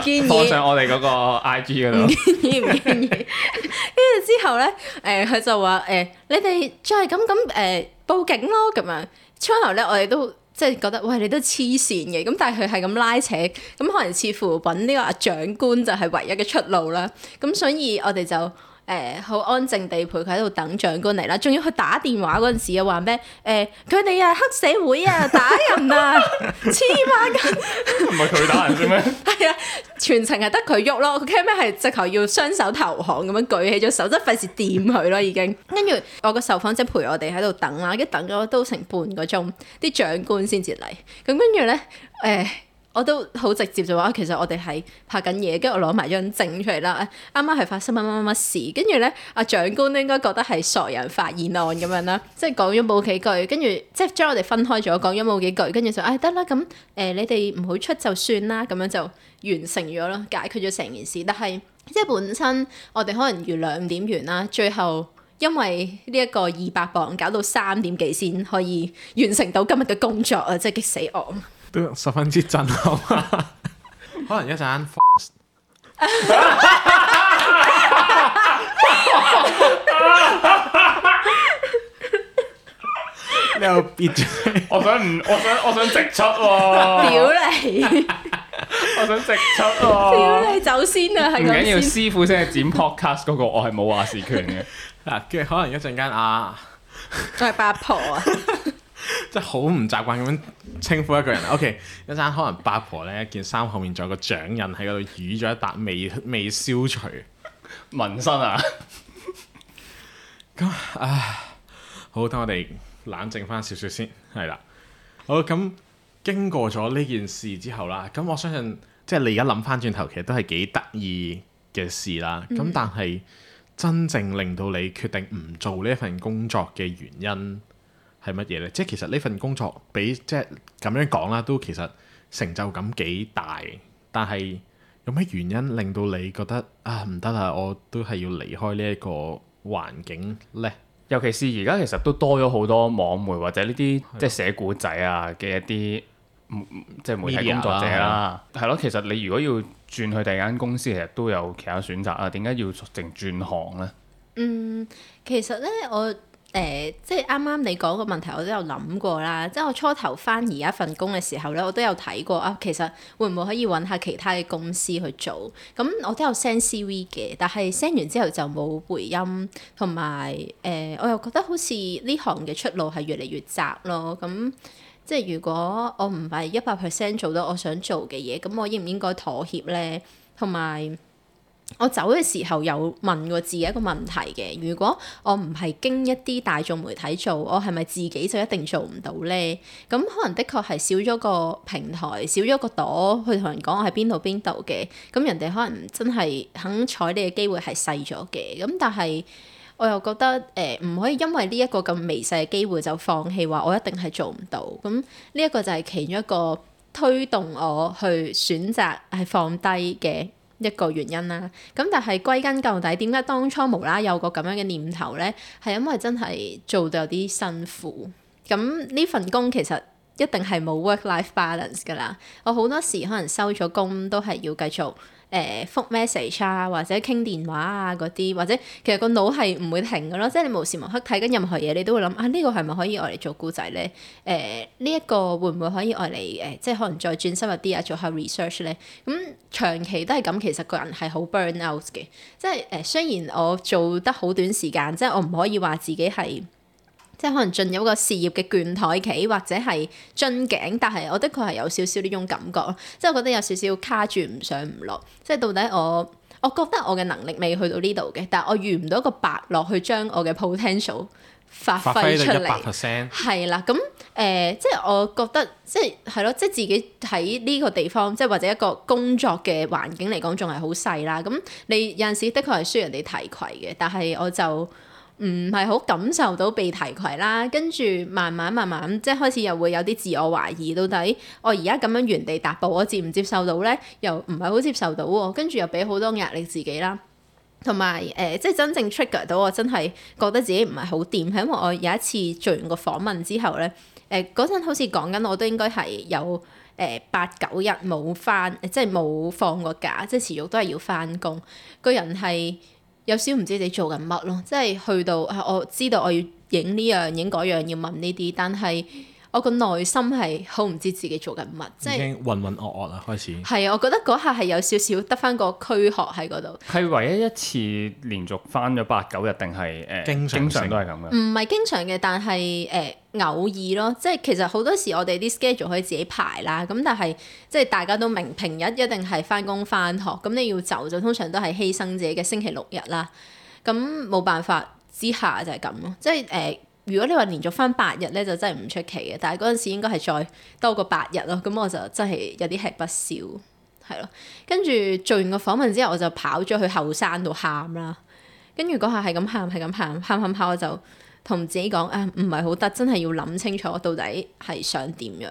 S2: 建議放上我哋嗰個 I G 嗰度。唔 建議，唔
S3: 建議。跟住 之後咧，誒、呃、佢就話誒、呃，你哋再係咁咁誒報警咯，咁樣。初頭咧，我哋都即係覺得，喂，你都黐線嘅。咁但係佢係咁拉扯，咁可能似乎揾呢個阿長官就係唯一嘅出路啦。咁所以我哋就。誒好、欸、安靜地陪佢喺度等長官嚟啦，仲要佢打電話嗰陣時、欸、又話咩？誒佢哋啊黑社會啊打人啊，黐孖筋！唔
S2: 係佢打人嘅咩？係啊，
S3: 全程係得佢喐咯，佢驚咩係直頭要雙手投降咁樣舉起咗手，真 費事掂佢咯已經。跟住我個受訪者陪我哋喺度等啦，跟等咗都成半個鐘，啲長官先至嚟。咁跟住咧誒。欸我都好直接就話，其實我哋係拍緊嘢，跟住我攞埋張證出嚟啦。啱啱係發生乜乜乜事，跟住咧，阿、啊、長官都應該覺得係傻人發現案咁樣啦，即係講咗冇幾句，跟住即係將我哋分開咗，講咗冇幾句，跟住就誒得啦，咁、哎、誒、呃、你哋唔好出就算啦，咁樣就完成咗咯，解決咗成件事。但係即係本身我哋可能預兩點完啦，最後因為呢一個二百磅搞到三點幾先可以完成到今日嘅工作啊！真係激死我。
S1: 都十分之震撼，可能一陣間。又
S2: 別嘴，我想唔，我想我想直出屌你！我想直出喎。屌
S3: 你走先啊！唔緊要，師
S2: 傅先係剪 podcast
S1: 嗰個，我係冇話事權嘅。嗱，跟住可能一陣間啊，
S3: 都係八婆啊。
S1: 即係好唔習慣咁樣稱呼一個人。OK，一陣可能八婆咧，件衫後面仲有個掌印喺嗰度，瘀咗一笪未未消除嘅紋身啊！咁 唉，好，等我哋冷靜翻少少先，係啦。好咁，經過咗呢件事之後啦，咁我相信即係你而家諗翻轉頭，其實都係幾得意嘅事啦。咁、嗯、但係真正令到你決定唔做呢一份工作嘅原因，係乜嘢咧？即係其實呢份工作，俾即係咁樣講啦，都其實成就感幾大。但係有咩原因令到你覺得啊唔得啊？我都係要離開呢一個環境咧？尤其是而家其實都多咗好多網
S2: 媒或者呢啲的即係寫故仔啊嘅一啲即係媒體工作者啦、啊。係咯，其實你如果要轉去第二間公司，其實都有其他選擇啊。點解要成轉行咧？嗯，
S3: 其實咧我。誒、呃，即係啱啱你講個問題，我都有諗過啦。即係我初頭返而家份工嘅時候咧，我都有睇過啊。其實會唔會可以揾下其他嘅公司去做？咁、嗯、我都有 send CV 嘅，但係 send 完之後就冇回音。同埋誒，我又覺得好似呢行嘅出路係越嚟越窄咯。咁、嗯、即係如果我唔係一百 percent 做到我想做嘅嘢，咁、嗯、我應唔應該妥協咧？同埋。我走嘅時候有問過自己一個問題嘅，如果我唔係經一啲大眾媒體做，我係咪自己就一定做唔到咧？咁可能的確係少咗個平台，少咗個朵去同人講我喺邊度邊度嘅，咁人哋可能真係肯睬你嘅機會係細咗嘅。咁但係我又覺得誒，唔可以因為呢一個咁微細嘅機會就放棄話我一定係做唔到。咁呢一個就係其中一個推動我去選擇係放低嘅。一個原因啦，咁但係歸根究底，點解當初無啦啦有個咁樣嘅念頭咧？係因為真係做到有啲辛苦，咁呢份工其實一定係冇 work life balance 㗎啦。我好多時可能收咗工都係要繼續。誒，覆、uh, message 啊，或者傾電話啊，嗰啲或者其實個腦係唔會停嘅咯，即係你無時無刻睇緊任何嘢，你都會諗啊呢、這個係咪可以愛嚟做故仔咧？誒，呢一個會唔會可以愛嚟誒，uh, 即係可能再轉深入啲啊，做下 research 咧？咁、嗯、長期都係咁，其實個人係好 burn out 嘅，即係誒，uh, 雖然我做得好短時間，即係我唔可以話自己係。即係可能進入一個事業嘅倦怠期，或者係樽頸，但係我的確係有少少呢種感覺咯。即係我覺得有少少卡住唔上唔落。即係到底我，我覺得我嘅能力未去到呢度嘅，但我遇唔到一個伯樂去將我嘅 potential 發揮出嚟。係啦，咁誒、呃，即係我覺得，即係係咯，即係自己喺呢個地方，即係或者一個工作嘅環境嚟講，仲係好細啦。咁你有陣時的確係需要人哋提攜嘅，但係我就，唔係好感受到被提攜啦，跟住慢慢慢慢，即係開始又會有啲自我懷疑，到底我而家咁樣原地踏步，我接唔接受到咧？又唔係好接受到喎，跟住又俾好多壓力自己啦。同埋誒，即係真正 trigger 到我，我真係覺得自己唔係好掂，係因為我有一次做完個訪問之後咧，誒，嗰陣好似講緊我都應該係有誒八九日冇翻，即係冇放過假，即係持續都係要翻工，個人係。有少少唔知你做緊乜咯，即係去到啊，我知道我要影呢樣、影嗰樣，要問呢啲，但係。我個內心係好唔知自己做緊乜，即係已經
S1: 渾渾噩噩啦，開
S2: 始
S3: 係啊，我覺得嗰下係有少少得翻個軀殼喺嗰度。
S2: 係唯一一次連續翻咗八九日，定係誒經常都係咁嘅？唔
S3: 係經常嘅，但係誒、呃、偶爾咯。即係其實好多時我哋啲 schedule 可以自己排啦。咁但係即係大家都明平日一定係翻工翻學，咁你要走就通常都係犧牲自己嘅星期六日啦。咁冇辦法之下就係咁咯。即係誒。呃如果你話連續翻八日咧，就真係唔出奇嘅。但係嗰陣時應該係再多過八日咯。咁我就真係有啲吃不消，係咯。跟住做完個訪問之後，我就跑咗去後山度喊啦。跟住嗰下係咁喊，係咁喊，喊喊喊，我就～同自己講啊，唔係好得，真係要諗清楚，我到底係想點樣？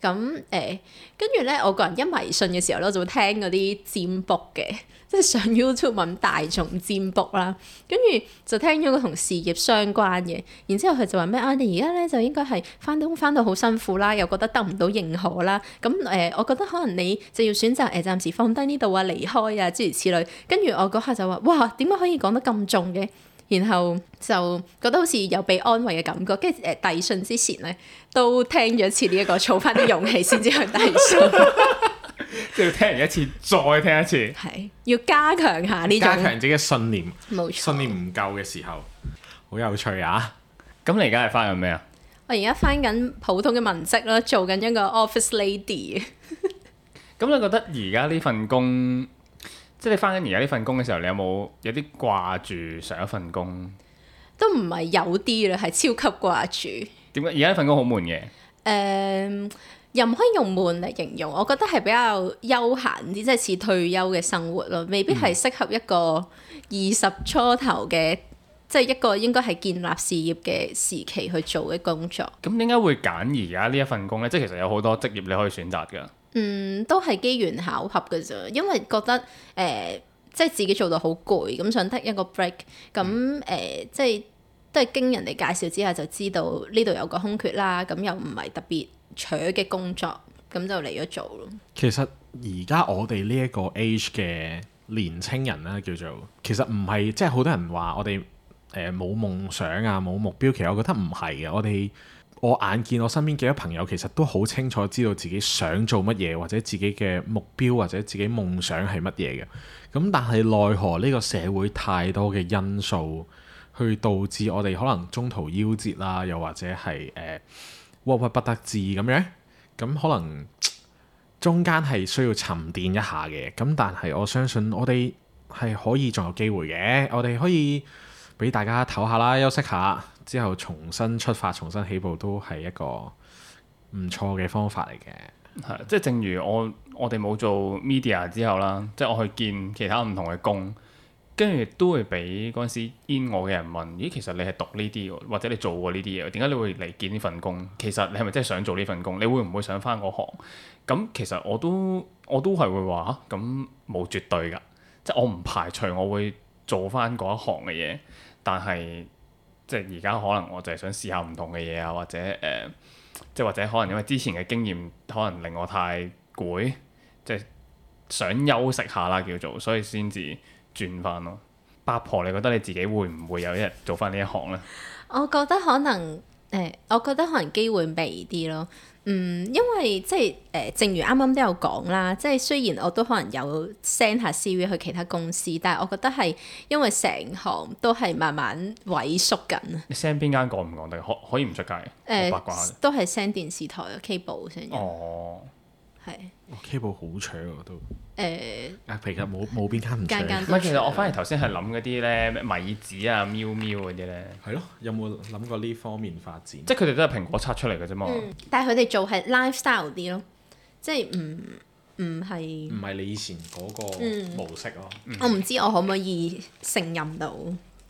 S3: 咁誒，跟住咧，我個人一迷信嘅時候咧，就會聽嗰啲占卜嘅，即係上 YouTube 問大眾占卜啦。跟住就聽咗個同事業相關嘅，然之後佢就話咩啊？你而家咧就應該係翻工翻到好辛苦啦，又覺得得唔到認可啦。咁誒、呃，我覺得可能你就要選擇誒暫時放低呢度啊，離開啊，諸如此類。跟住我嗰刻就話：哇，點解可以講得咁重嘅？然後就覺得好似有被安慰嘅感覺，跟住誒，遞信之前咧，都聽咗一次呢，這、一個儲翻啲勇氣先至去遞信，
S1: 即係 聽完一次再聽一次，係
S3: 要加強下呢種，加強
S1: 自己嘅信念，冇錯，信念唔夠嘅時候好有趣啊！咁你而家係翻緊咩啊？
S3: 我而家翻緊普通嘅文職啦，做緊一個 office lady 。
S2: 咁你覺得而家呢份工？即係你翻緊而家呢份工嘅時候，你有冇有啲掛住上一份工？
S3: 都唔係有啲啦，係超級掛住。
S2: 點解而家份工好悶嘅？
S3: 誒，uh, 又唔可以用悶嚟形容。我覺得係比較悠閒啲，即係似退休嘅生活咯。未必係適合一個二十初頭嘅，嗯、即係一個應該係建立事業嘅時期去做嘅工作。
S2: 咁點解會揀而家呢一份工呢？即係其實有好多職業你可以選擇㗎。
S3: 嗯，都係機緣巧合嘅啫，因為覺得誒、呃，即係自己做到好攰，咁、嗯、想 take 一個 break，咁誒，即係都係經人哋介紹之下就知道呢度有個空缺啦，咁、嗯、又唔係特別 chur 嘅工作，咁、嗯、就嚟咗做咯、
S1: 啊。其實而家我哋呢一個 age 嘅年青人咧，叫做其實唔係即係好多人話我哋誒冇夢想啊，冇目標，其實我覺得唔係嘅，我哋。我眼見我身邊幾多朋友其實都好清楚知道自己想做乜嘢，或者自己嘅目標或者自己夢想係乜嘢嘅。咁但係奈何呢個社會太多嘅因素去導致我哋可能中途夭折啦，又或者係誒鬱鬱不得志咁樣。咁可能中間係需要沉澱一下嘅。咁但係我相信我哋係可以仲有機會嘅。我哋可以俾大家唞下啦，休息下。之後重新出發、重新起步都係一個唔錯嘅方法嚟嘅。
S2: 係，即係正如我我哋冇做 media 之後啦，即係我去見其他唔同嘅工，跟住都會俾嗰陣時 in 我嘅人問：咦，其實你係讀呢啲，或者你做過呢啲嘢？點解你會嚟見呢份工？其實你係咪真係想做呢份工？你會唔會想翻嗰行？咁其實我都我都係會話嚇，咁、啊、冇絕對㗎。即係我唔排除我會做翻嗰一行嘅嘢，但係。即係而家可能我就係想試下唔同嘅嘢啊，或者誒、呃，即係或者可能因為之前嘅經驗可能令我太攰，即係想休息下啦叫做，所以先至轉翻咯。八婆，你覺得你自己會唔會有一日做翻呢一行呢？
S3: 我覺得可能誒、欸，我覺得可能機會微啲咯。嗯，因為即係誒、呃，正如啱啱都有講啦，即係雖然我都可能有 send 下 CV 去其他公司，但係我覺得係因為成行都係慢慢萎縮緊。
S2: 你 send 邊間講唔講得？可可以唔出街？誒、呃，
S3: 都係 send 電視台、cable send、哦
S2: 係 keyboard 好搶啊都。
S1: 誒，間間啊其實冇冇邊間唔搶？唔係，其實我反而
S2: 頭先係諗嗰啲咧，米子啊、喵喵嗰啲咧。係咯、嗯，有冇諗過呢方面發展？即係佢哋都係蘋果
S1: 拆出嚟嘅啫嘛。
S3: 但係佢哋做係 lifestyle 啲咯，即係唔唔係
S1: 唔係你以前嗰個模式咯、啊嗯。我唔知
S3: 我可唔可以承認到，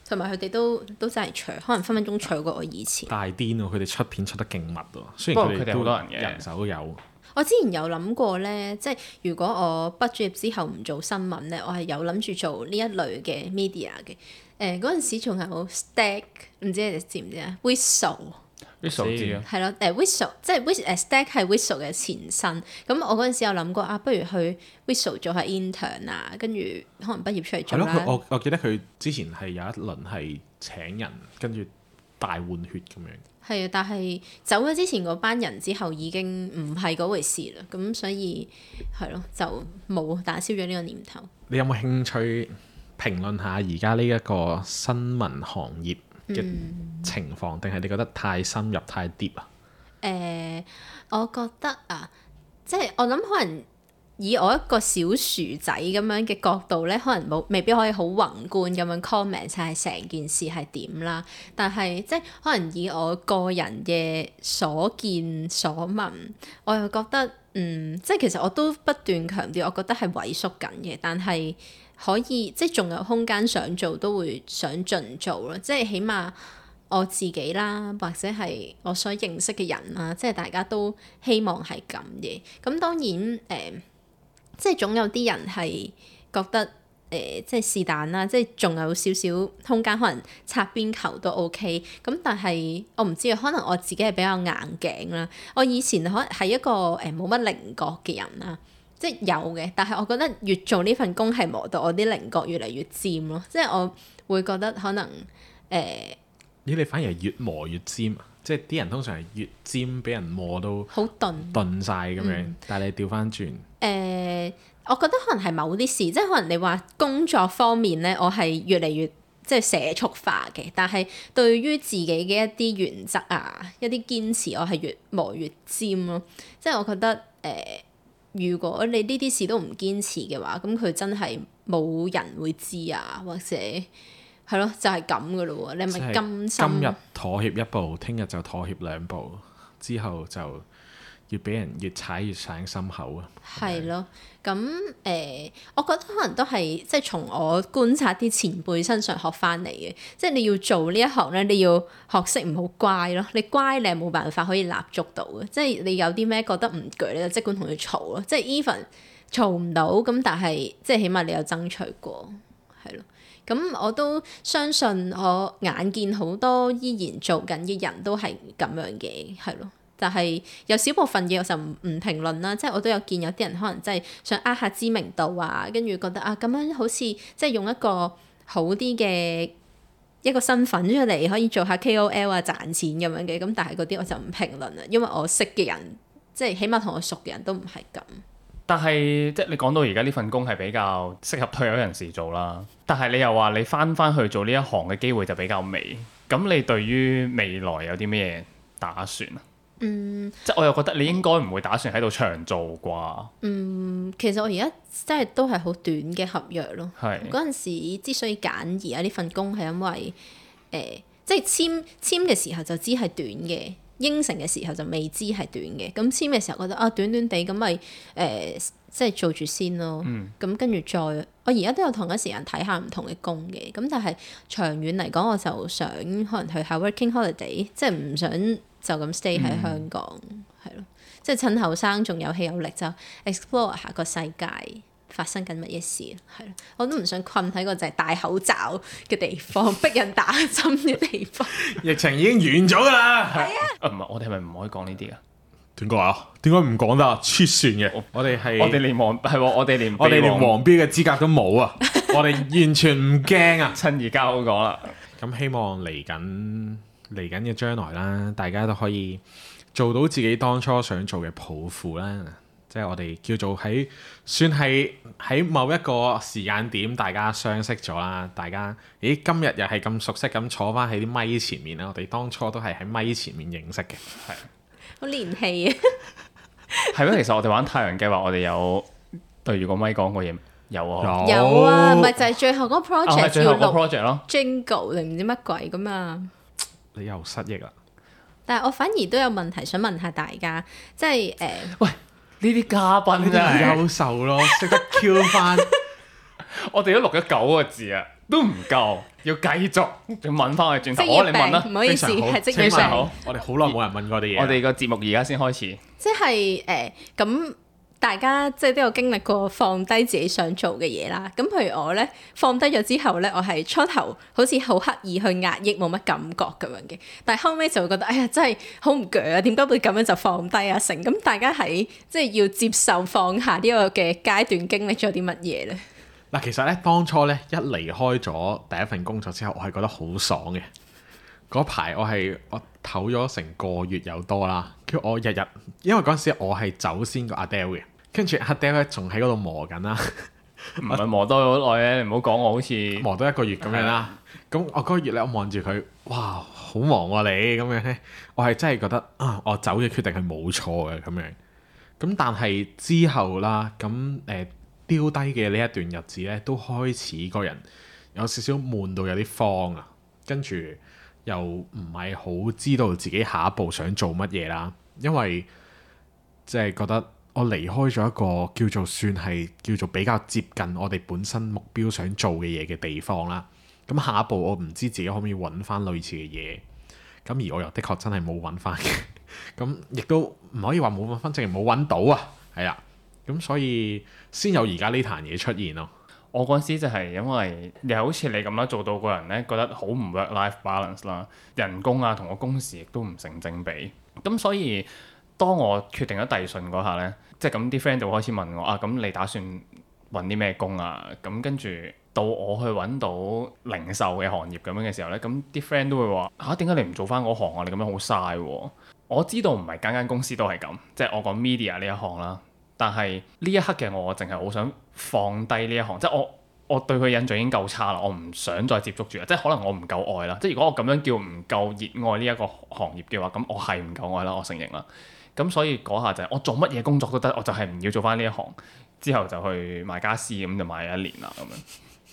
S3: 同埋佢哋都都真係搶，可能分分鐘搶過我以
S1: 前。大癲喎！佢哋出片出得勁密喎、啊，雖然佢哋好多人嘅人手都有。
S3: 我之前有諗過咧，即係如果我畢咗業之後唔做新聞咧，我係有諗住做呢一類嘅 media 嘅。誒嗰陣時仲好 stack，唔知你哋知唔知啊？Whistle，Whistle 知啊？
S2: 係、
S3: 呃、咯，誒 Whistle 即係 Whistle，誒 stack 係 Whistle 嘅前身。咁我嗰陣時有諗過啊，不如去 Whistle 做下 intern 啊，跟住可能畢業出嚟做。我
S1: 我記得佢之前係有一輪係請人，跟住大換血咁樣。
S3: 係啊，但係走咗之前嗰班人之後，已經唔係嗰回事啦。咁所以係咯，就冇打消咗呢個念頭。
S1: 你有冇興趣評論下而家呢一個新聞行業嘅情況？定係、嗯、你覺得太深入太 deep 啊？
S3: 誒、呃，我覺得啊，即係我諗可能。以我一個小薯仔咁樣嘅角度咧，可能冇未必可以好宏觀咁樣 comment 曬成件事係點啦。但係即係可能以我個人嘅所見所聞，我又覺得，嗯，即係其實我都不斷強調，我覺得係萎縮緊嘅。但係可以即係仲有空間想做，都會想盡做咯。即係起碼我自己啦，或者係我所認識嘅人啦，即係大家都希望係咁嘅。咁當然誒。呃即係總有啲人係覺得誒、呃，即係是但啦，即係仲有少少空間，可能擦邊球都 OK。咁但係我唔知啊，可能我自己係比較硬頸啦。我以前可能係一個誒冇乜棱角嘅人啦，即係有嘅，但係我覺得越做呢份工係磨到我啲棱角越嚟越尖咯。即係我會覺得可能誒，
S1: 咦、呃呃？你反而係越磨越尖啊！即係啲人通常係越尖俾人磨到好鈍鈍曬咁樣，但係你調翻轉。
S3: 誒、呃，我覺得可能係某啲事，即係可能你話工作方面咧，我係越嚟越即係社畜化嘅。但係對於自己嘅一啲原則啊，一啲堅持，我係越磨越尖咯、啊。即係我覺得誒、呃，如果你呢啲事都唔堅持嘅話，咁佢真係冇人會知啊。或者係咯，就係咁噶咯。你係咪甘心今日
S1: 妥協一步，聽日就妥協兩步，之後就？要俾人越踩，越省心口
S3: 啊！係咯的，咁誒吧、呃，我覺得可能都係即係從我觀察啲前輩身上學翻嚟嘅，即係你要做呢一行咧，你要學識唔好乖咯，你乖你係冇辦法可以立足到嘅，即係你有啲咩覺得唔攰呢就即管同佢嘈咯，即係 even 嘈唔到咁，但係即係起碼你有爭取過，係咯，咁我都相信我眼見好多依然做緊嘅人都係咁樣嘅，係咯。就係有少部分嘢我就唔唔評論啦，即係我都有見有啲人可能真係想呃下知名度啊，跟住覺得啊咁樣好似即係用一個好啲嘅一個身份出嚟可以做下 KOL 啊賺錢咁樣嘅，咁但係嗰啲我就唔評論啦，因為我識嘅人即係起碼同我熟嘅人都唔係咁。
S2: 但係即係你講到而家呢份工係比較適合退休人士做啦，但係你又話你翻翻去做呢一行嘅機會就比較微，咁你對於未來有啲咩打算啊？嗯，即係我又覺得你應該唔會打算喺度長做啩。
S3: 嗯，其實我而家即係都係好短嘅合約咯。係嗰陣時之所以揀而家呢份工，係因為誒、呃，即係簽簽嘅時候就知係短嘅，應承嘅時候就未知係短嘅。咁簽嘅時候覺得啊，短短地咁咪誒，即係做住先咯。嗯。咁跟住再，我而家都有同一時間睇下唔同嘅工嘅。咁但係長遠嚟講，我就想可能去下 working holiday，即係唔想。就咁 stay 喺、嗯、香港，係咯，即係趁後生仲有氣有力，就 explore 下個世界，發生緊乜嘢事，係咯，我都唔想困喺個就係戴口罩嘅地方，逼人打針嘅地
S1: 方。 疫情已經完咗噶啦，係的啊，唔係我哋係咪唔可以講呢啲啊？點解啊？點解唔講得？黐線嘅，我哋係我哋連係我哋連 我哋連黃標嘅資格都冇啊！ 我哋完全唔驚啊！趁而家好講啦、啊，咁希望嚟緊。嚟緊嘅將來啦，大家都可以做到自己當初想做嘅抱負啦。即係我哋叫做喺算係喺某一個時間點，大家相識咗啦。大家咦，今日又係咁熟悉咁坐翻喺啲咪前面啦。我哋當初都係喺咪前面認識嘅，係好年氣啊。係 咪， 其實我哋玩《太陽計劃》，我哋有
S2: 對住個咪講過嘢，有啊，有啊，咪就
S3: 係最後嗰 project 要錄 project 咯，Jingle 定唔知乜鬼噶、啊、嘛。
S1: 你又失憶啦！
S3: 但係我反而都有問題想問下大家，即係誒，欸、喂呢啲嘉賓、啊啊、真係優
S1: 秀咯，
S2: 識得 Q 翻。 我哋都錄咗九個字啊，都唔夠，要繼續，要問翻佢轉頭。我哋、哦、問啦、啊，唔好意思，係職業病。非常好，我哋好耐冇人問過啲嘢，我哋個節目而家先開始。
S3: 即係誒咁。欸大家即係都有經歷過放低自己想做嘅嘢啦。咁譬如我呢，放低咗之後呢，我係初頭好似好刻意去壓抑，冇乜感覺咁樣嘅。但係後尾就會覺得，哎呀，真係好唔鋸啊！點解會咁樣就放低啊？成咁大家喺即係要接受放下呢個嘅階段，經歷咗啲乜嘢呢？
S1: 嗱，其實呢，當初呢，一離開咗第一份工作之後，我係覺得好爽嘅。嗰排我係我唞咗成個月有多啦，跟住我日日，因為嗰陣時我係走先個阿 Dal 嘅。跟住阿 Dal 仲喺嗰度磨緊啦，唔係磨多好耐咧， 你唔好講我好似磨多一個月咁樣啦。咁 我嗰個月咧，我望住佢，哇，好忙啊你咁樣咧，我係真係覺得啊，我走嘅決定係冇錯嘅咁樣。咁但係之後啦，咁誒、呃、丟低嘅呢一段日子咧，都開始個人有少少悶到有啲慌啊，跟住又唔係好知道自己下一步想做乜嘢啦，因為即係、就是、覺得。我離開咗一個叫做算係叫做比較接近我哋本身目標想做嘅嘢嘅地方啦。咁下一步我唔知自己可唔可以揾翻類似嘅嘢。咁而我又的確真係冇揾翻嘅。咁亦都唔可以話冇揾翻，淨係冇揾到啊。係啊。咁所以先有而家呢壇嘢出現咯。我嗰陣時就係因為又好似你咁啦，做到個人呢，
S2: 覺得好唔 work life balance 啦，人工啊同個工時亦都唔成正比。咁所以。當我決定咗遞信嗰下呢，即係咁啲 friend 就會開始問我啊，咁你打算揾啲咩工啊？咁跟住到我去揾到零售嘅行業咁樣嘅時候呢，咁啲 friend 都會話啊，點解你唔做翻嗰行啊？你咁樣好嘥喎！我知道唔係間間公司都係咁，即係我講 media 呢一行啦。但係呢一刻嘅我，淨係好想放低呢一行，即係我我對佢印象已經夠差啦，我唔想再接觸住啦。即係可能我唔夠愛啦。即係如果我咁樣叫唔夠熱愛呢一個行業嘅話，咁我係唔夠愛啦，我承認啦。咁所以嗰下就係我做乜嘢工作都得，我就係唔要做翻呢一行，之後就去賣家私，咁就賣咗一年啦咁樣。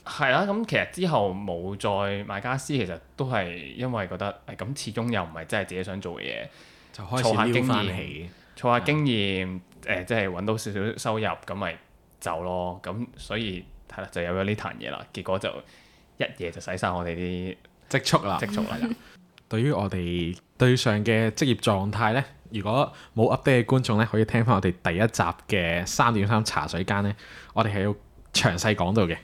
S2: 係啊，咁其實之後冇再賣家私，其實都係因為覺得，誒、哎、咁始終又唔係真係自己想做嘅嘢，就開始坐下經驗，坐下經驗，誒即係揾到少少收入咁咪走咯。咁所以係啦，就有咗呢壇嘢啦。結果就一夜就洗晒我哋啲
S1: 積蓄啦，積蓄啦。就是、 對於我哋對上嘅職業狀態呢。如果冇 update 嘅觀眾咧，可以聽翻我哋第一集嘅三點三茶水間咧，我哋係要詳細講到嘅。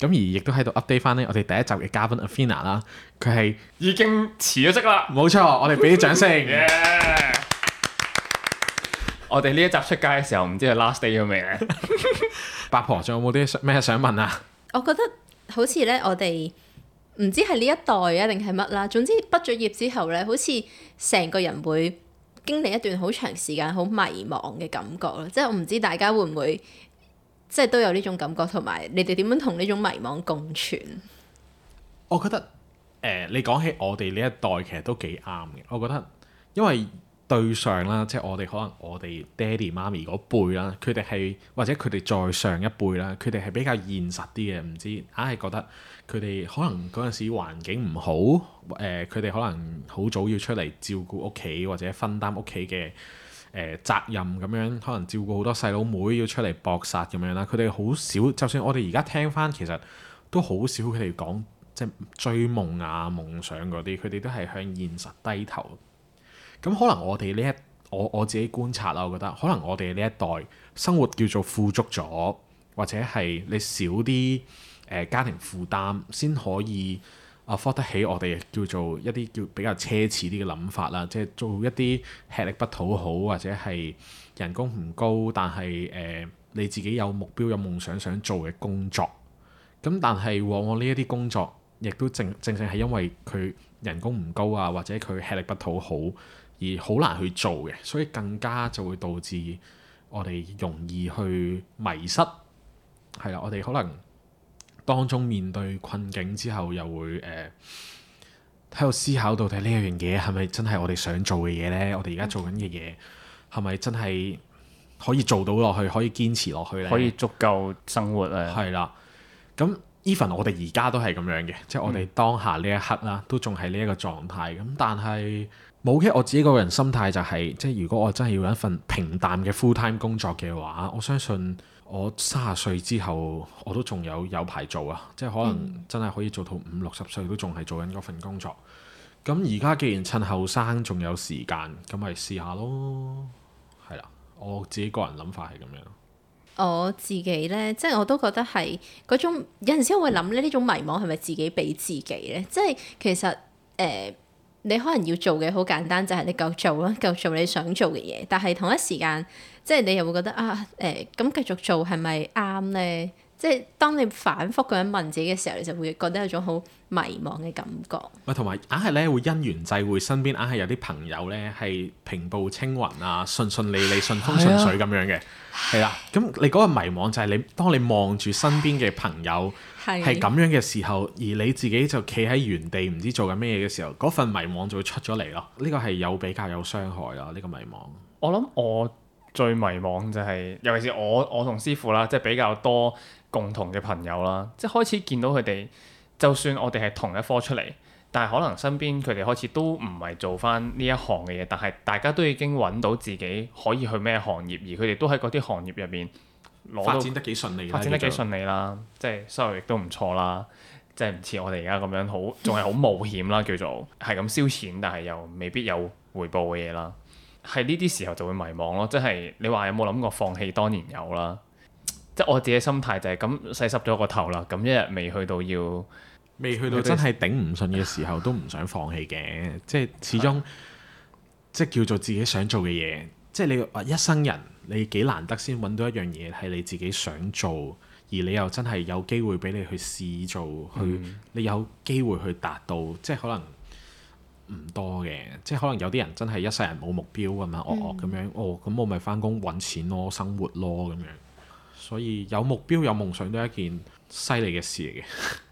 S1: 咁而亦都喺度 update 翻咧，我哋第一集嘅嘉賓 Athena 啦，佢係已經辭咗職啦。冇錯，我哋俾啲掌聲。Yeah.
S2: 我哋呢一集出街嘅時候，唔知係 last day 咗未咧？
S1: 八婆仲有冇啲咩想問啊？
S3: 我覺得好似咧，我哋唔知係呢一代啊，定係乜啦？總之畢咗業之後咧，好似成個人會～經歷一段好長時間，好迷茫嘅感覺咯，即係我唔知大家會唔會即係都有呢種感覺，同埋你哋點樣同呢種迷茫共存？
S1: 我覺得誒、呃，你講起我哋呢一代其實都幾啱嘅。我覺得因為對上啦，即係我哋可能我哋爹哋媽咪嗰輩啦，佢哋係或者佢哋再上一輩啦，佢哋係比較現實啲嘅，唔知硬係、啊、覺得。佢哋可能嗰陣時環境唔好，誒佢哋可能好早要出嚟照顧屋企或者分擔屋企嘅誒責任咁樣，可能照顧好多細佬妹要出嚟搏殺咁樣啦。佢哋好少，就算我哋而家聽返，其實都好少佢哋講即係追夢啊、夢想嗰啲，佢哋都係向現實低頭。咁可能我哋呢一我我自己觀察啦，我覺得可能我哋呢一代生活叫做富足咗，或者係你少啲。誒家庭負擔先可以 afford 起我哋叫做一啲叫比較奢侈啲嘅諗法啦，即係做一啲吃力不討好或者係人工唔高，但係誒、呃、你自己有目標有夢想想做嘅工作。咁但係往往呢一啲工作，亦都正正正係因為佢人工唔高啊，或者佢吃力不討好而好難去做嘅，所以更加就會導致我哋容易去迷失。係啦，我哋可能。當中面對困境之後，又會誒喺度思考到底呢樣嘢係咪真係我哋想做嘅嘢呢？我哋而家做緊嘅嘢係咪真係可以做到落去，可以堅持落去咧？可以足夠生活啊！係啦，咁 even 我哋而家都係咁樣嘅，即係我哋當下呢一刻啦，都仲係呢一個狀態。咁、嗯、但係冇計，我自己個人心態就係，即係如果我真係要一份平淡嘅 full time 工作嘅話，我相信。我三十歲之後，我都仲有有排做啊！即係可能真係可以做到五六十歲都仲係做緊嗰份工作。咁而家既然趁後生仲有時間，咁咪試下咯，係啦。我自己個人諗法係咁樣。
S3: 我自己呢，即係我都覺得係嗰種有陣時我會諗咧，呢種迷茫係咪自己俾自己呢？即即係其實誒、呃，你可能要做嘅好簡單，就係你夠做啦，夠做你想做嘅嘢。但係同一時間。即係你又會覺得啊誒咁、欸、繼續做係咪啱咧？即係當你反覆咁樣問自己嘅時候，你就會覺得有種好迷茫嘅感
S1: 覺。喂，同埋硬係咧會因緣際會身邊硬係有啲朋友咧係平步青雲啊，順順利利，順風順水咁樣嘅，係啦、啊。咁你嗰個迷茫就係你當你望住身邊嘅朋友係咁樣嘅時候，的而你自己就企喺原地唔知做緊咩嘢嘅時候，嗰份迷茫就會出咗嚟咯。呢、這個係有比較有傷害咯，呢、這個迷茫。我諗我。最迷茫就係、是，尤其是我我同師傅啦，即係比較
S2: 多共同嘅朋友啦，即係開始見到佢哋，就算我哋係同一科出嚟，但係可能身邊佢哋開始都唔係做返呢一行嘅嘢，但係大家都已經揾到自己可以去咩行業，而佢哋都喺嗰啲行業入邊攞，發展得幾順利，發展得幾順利啦，做即係收入亦都唔錯啦，即係唔似我哋而家咁樣好，仲係好冒險啦，叫做係咁 燒錢，但係又未必有回報嘅嘢啦。係呢啲時候就會迷茫咯，即係你話有冇諗過放棄？當然有啦。即係我自己心態就係咁，洗濕咗個頭啦。咁一日未去到要，未去到真係
S1: 頂唔順嘅時候， 都唔想放棄嘅。即係始終即係 叫做自己想做嘅嘢。即係你一生人，你幾難得先揾到一樣嘢係你自己想做，而你又真係有機會俾你去試做，去、嗯、你有機會去達到，即係可能。唔多嘅，即係可能有啲人真係一世人冇目標咁、嗯哦、樣，哦哦咁樣，哦咁我咪翻工揾錢咯，生活咯咁樣。所以有目標有夢想都係一件犀利嘅事嚟嘅，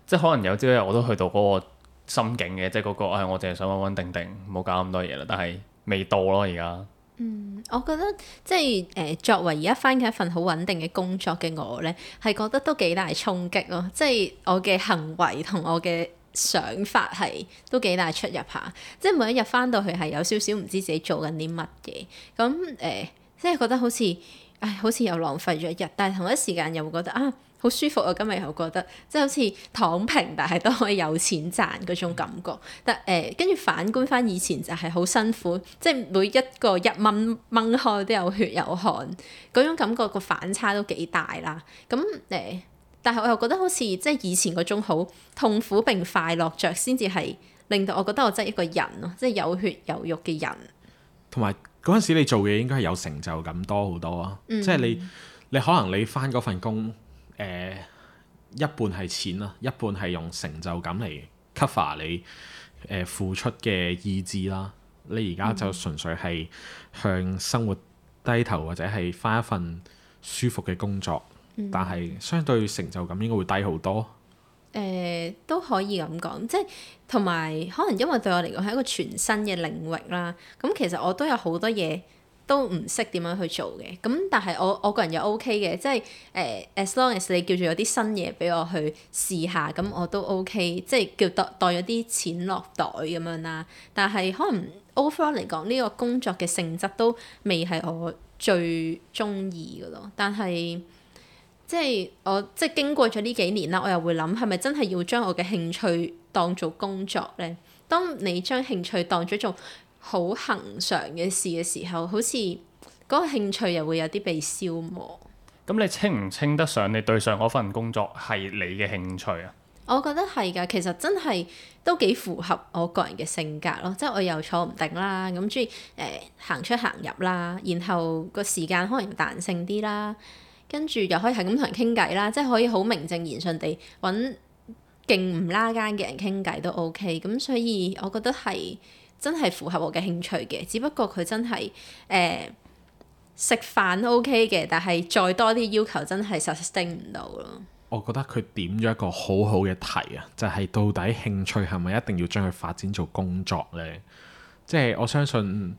S1: 即係可能有朝一日我都去到嗰個
S2: 心境嘅，即係，那個，唉，哎，我淨係想穩穩定定，冇搞咁多嘢啦，但係未到咯而家。嗯，
S3: 我覺得即係誒作為而家翻緊一份好穩定嘅工作嘅我咧，係覺得都幾大衝擊咯，即、就、係、是、我嘅行為同我嘅想法係都幾大出入下，即係每一日翻到去係有少少唔知自己做緊啲乜嘅，咁誒、呃、即係覺得好似，唉，好似又浪費咗一日，但係同一時間又會覺得啊，好舒服啊，今日又覺得即係好似躺平，但係都可以有錢賺嗰種感覺，但誒跟住反觀翻以前就係好辛苦，即係每一個一掹掹開都有血有汗嗰種感覺，個反差都幾大啦，咁誒。呃但係我又覺得好似即係以前嗰種好痛苦並快樂着先至係令到我覺得我真係一個人咯，即係有血有肉嘅人。
S1: 同埋嗰陣時，你做嘢應該係有成就感多好多啊。嗯、即係你你可能你返嗰份工，誒一半係錢啦，一半係、啊、用成就感嚟 cover 你誒、呃、付出嘅意志啦、啊。你而家就純粹係向生活低頭，或者係返一份舒服嘅工作。但係相對成就感應該會低好多、嗯。
S3: 誒、呃、都可以咁講，即係同埋可能因為對我嚟講係一個全新嘅領域啦。咁、嗯、其實我有都有好多嘢都唔識點樣去做嘅。咁、嗯、但係我我個人又 O K 嘅，即係誒、呃。As long as 你叫做有啲新嘢俾我去試下，咁、嗯、我都 O、okay, K。即係叫帶帶咗啲錢落袋咁樣啦。但係可能 overall 嚟講，呢、呢個工作嘅性質都未係我最中意嘅咯。但係。即係我即係經過咗呢幾年啦，我又會諗係咪真係要將我嘅興趣當做工作咧？當你將興趣當咗做好恒常嘅事嘅時候，好似嗰個興趣又會有啲被消磨。
S2: 咁你稱唔稱得上你對上嗰份工作係你嘅興趣啊？
S3: 我覺得係㗎，其實真係都幾符合我個人嘅性格咯。即係我又坐唔定啦，咁中意誒行出行入啦，然後個時間可能彈性啲啦。跟住又可以係咁同人傾偈啦，即係可以好名正言順地揾勁唔拉更嘅人傾偈都 OK。咁所以我覺得係真係符合我嘅興趣嘅。只不過佢真係誒、呃、食飯 OK 嘅，但係再多啲要求真係實踐唔
S1: 到咯。我覺得佢點咗一個好好嘅題啊，就係、是、到底興趣係咪一定要將佢發展做工作呢？即係我相信。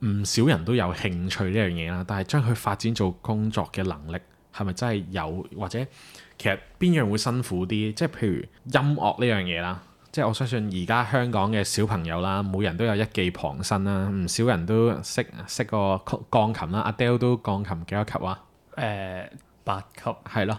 S1: 唔少人都有興趣呢樣嘢啦，但係將佢發展做工作嘅能力係咪真係有？或者其實邊樣會辛苦啲？即係譬如音樂呢樣嘢啦，即係我相信而家香港嘅小朋友啦，每人都有一技傍身啦，唔少人都識識個鋼琴啦。阿 Dal 都鋼琴幾多級啊？誒、呃，八級。係咯。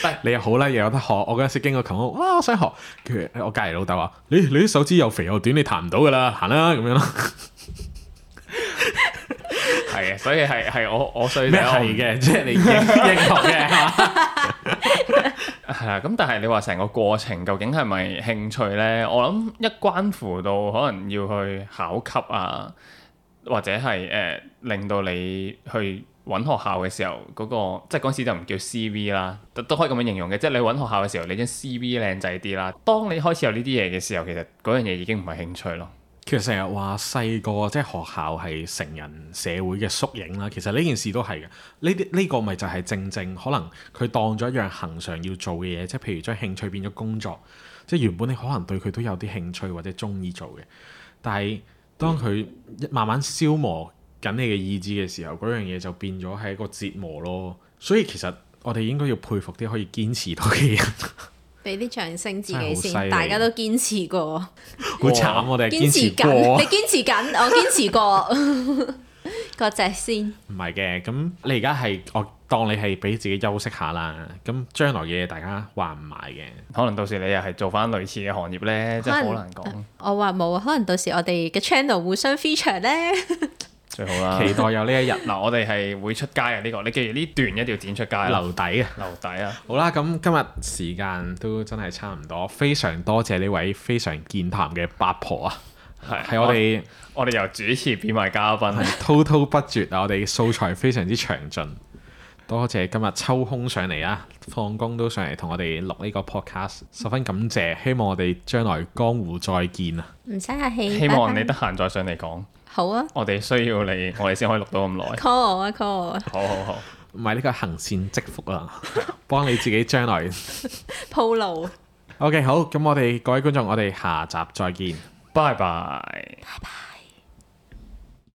S1: 對你又好啦，又有得學。我嗰陣時經過琴屋，哇，啊，我想學。跟住我隔籬老豆話，你你啲手指又肥又短，你彈唔到噶啦，行啦咁樣咯。係啊， 所以係係我我衰仔嘅，即係的 你認同嘅係
S2: 嘛？咁 但係你話成個過程究竟係咪興趣咧？我諗一關乎到可能要去考級啊，或者係誒、呃、令到你去。揾學校嘅時候，嗰個即係嗰時就唔叫 CV 啦，都可以咁樣形容嘅，即係你揾學校嘅時候，你將 CV 靚仔啲啦。
S1: 當你開始有呢啲嘢嘅時候，其實嗰樣嘢已經唔係興趣咯。其實成日話細個即係學校係成人社會嘅縮影啦，其實呢件事都係嘅。呢啲呢個咪就係正正可能佢當咗一樣平常要做嘅嘢，即係譬如將興趣變咗工作，即係原本你可能對佢都有啲興趣或者中意做嘅，但係當佢慢慢消磨。嗯緊你嘅意志嘅時候，嗰樣嘢就變咗係一個折磨咯。所以其實我哋應該要佩服啲可以堅持到嘅人，
S3: 俾啲掌聲自己先。哎、大家都堅持過，
S1: 好慘，我哋堅持緊。堅持你
S3: 堅持緊， 我堅持過，嗰 隻先。
S1: 唔係嘅，咁你而家係我當你係俾自己休息下啦。咁將來嘅嘢大家話唔埋嘅，可能到時你又係做翻
S2: 類似嘅行業呢？真係好難講。
S3: 我話冇，可能到時我哋嘅 channel 互相 feature 呢。
S2: 最好啦！期待有呢一日嗱， 我哋係會出街嘅，啊、呢、呢個，你記住呢段一定要剪
S1: 出街，啊，留底嘅，
S2: 留底啊！底
S1: 啊好啦，啊，咁今日時間都真係差唔多，非常多謝呢位非常健談嘅八婆啊，係是我哋我哋由主持變埋嘉賓，滔滔不絕啊！我哋素材非常之詳盡， 多謝今日抽空上嚟啊，放工都上嚟同我哋錄呢個 podcast，十分感謝，希望我哋將來江湖再見啊！
S3: 唔使客氣，拜拜，希望你
S1: 得閒再上嚟講。好啊！我哋需要你，我哋先可以錄到咁耐。
S3: call 我啊，call 我
S1: 啊。好好好，唔係呢個行善積福啊， 幫你自己將來鋪路。OK，好，咁我哋各位觀眾，我哋下集再見，拜拜 bye。拜拜。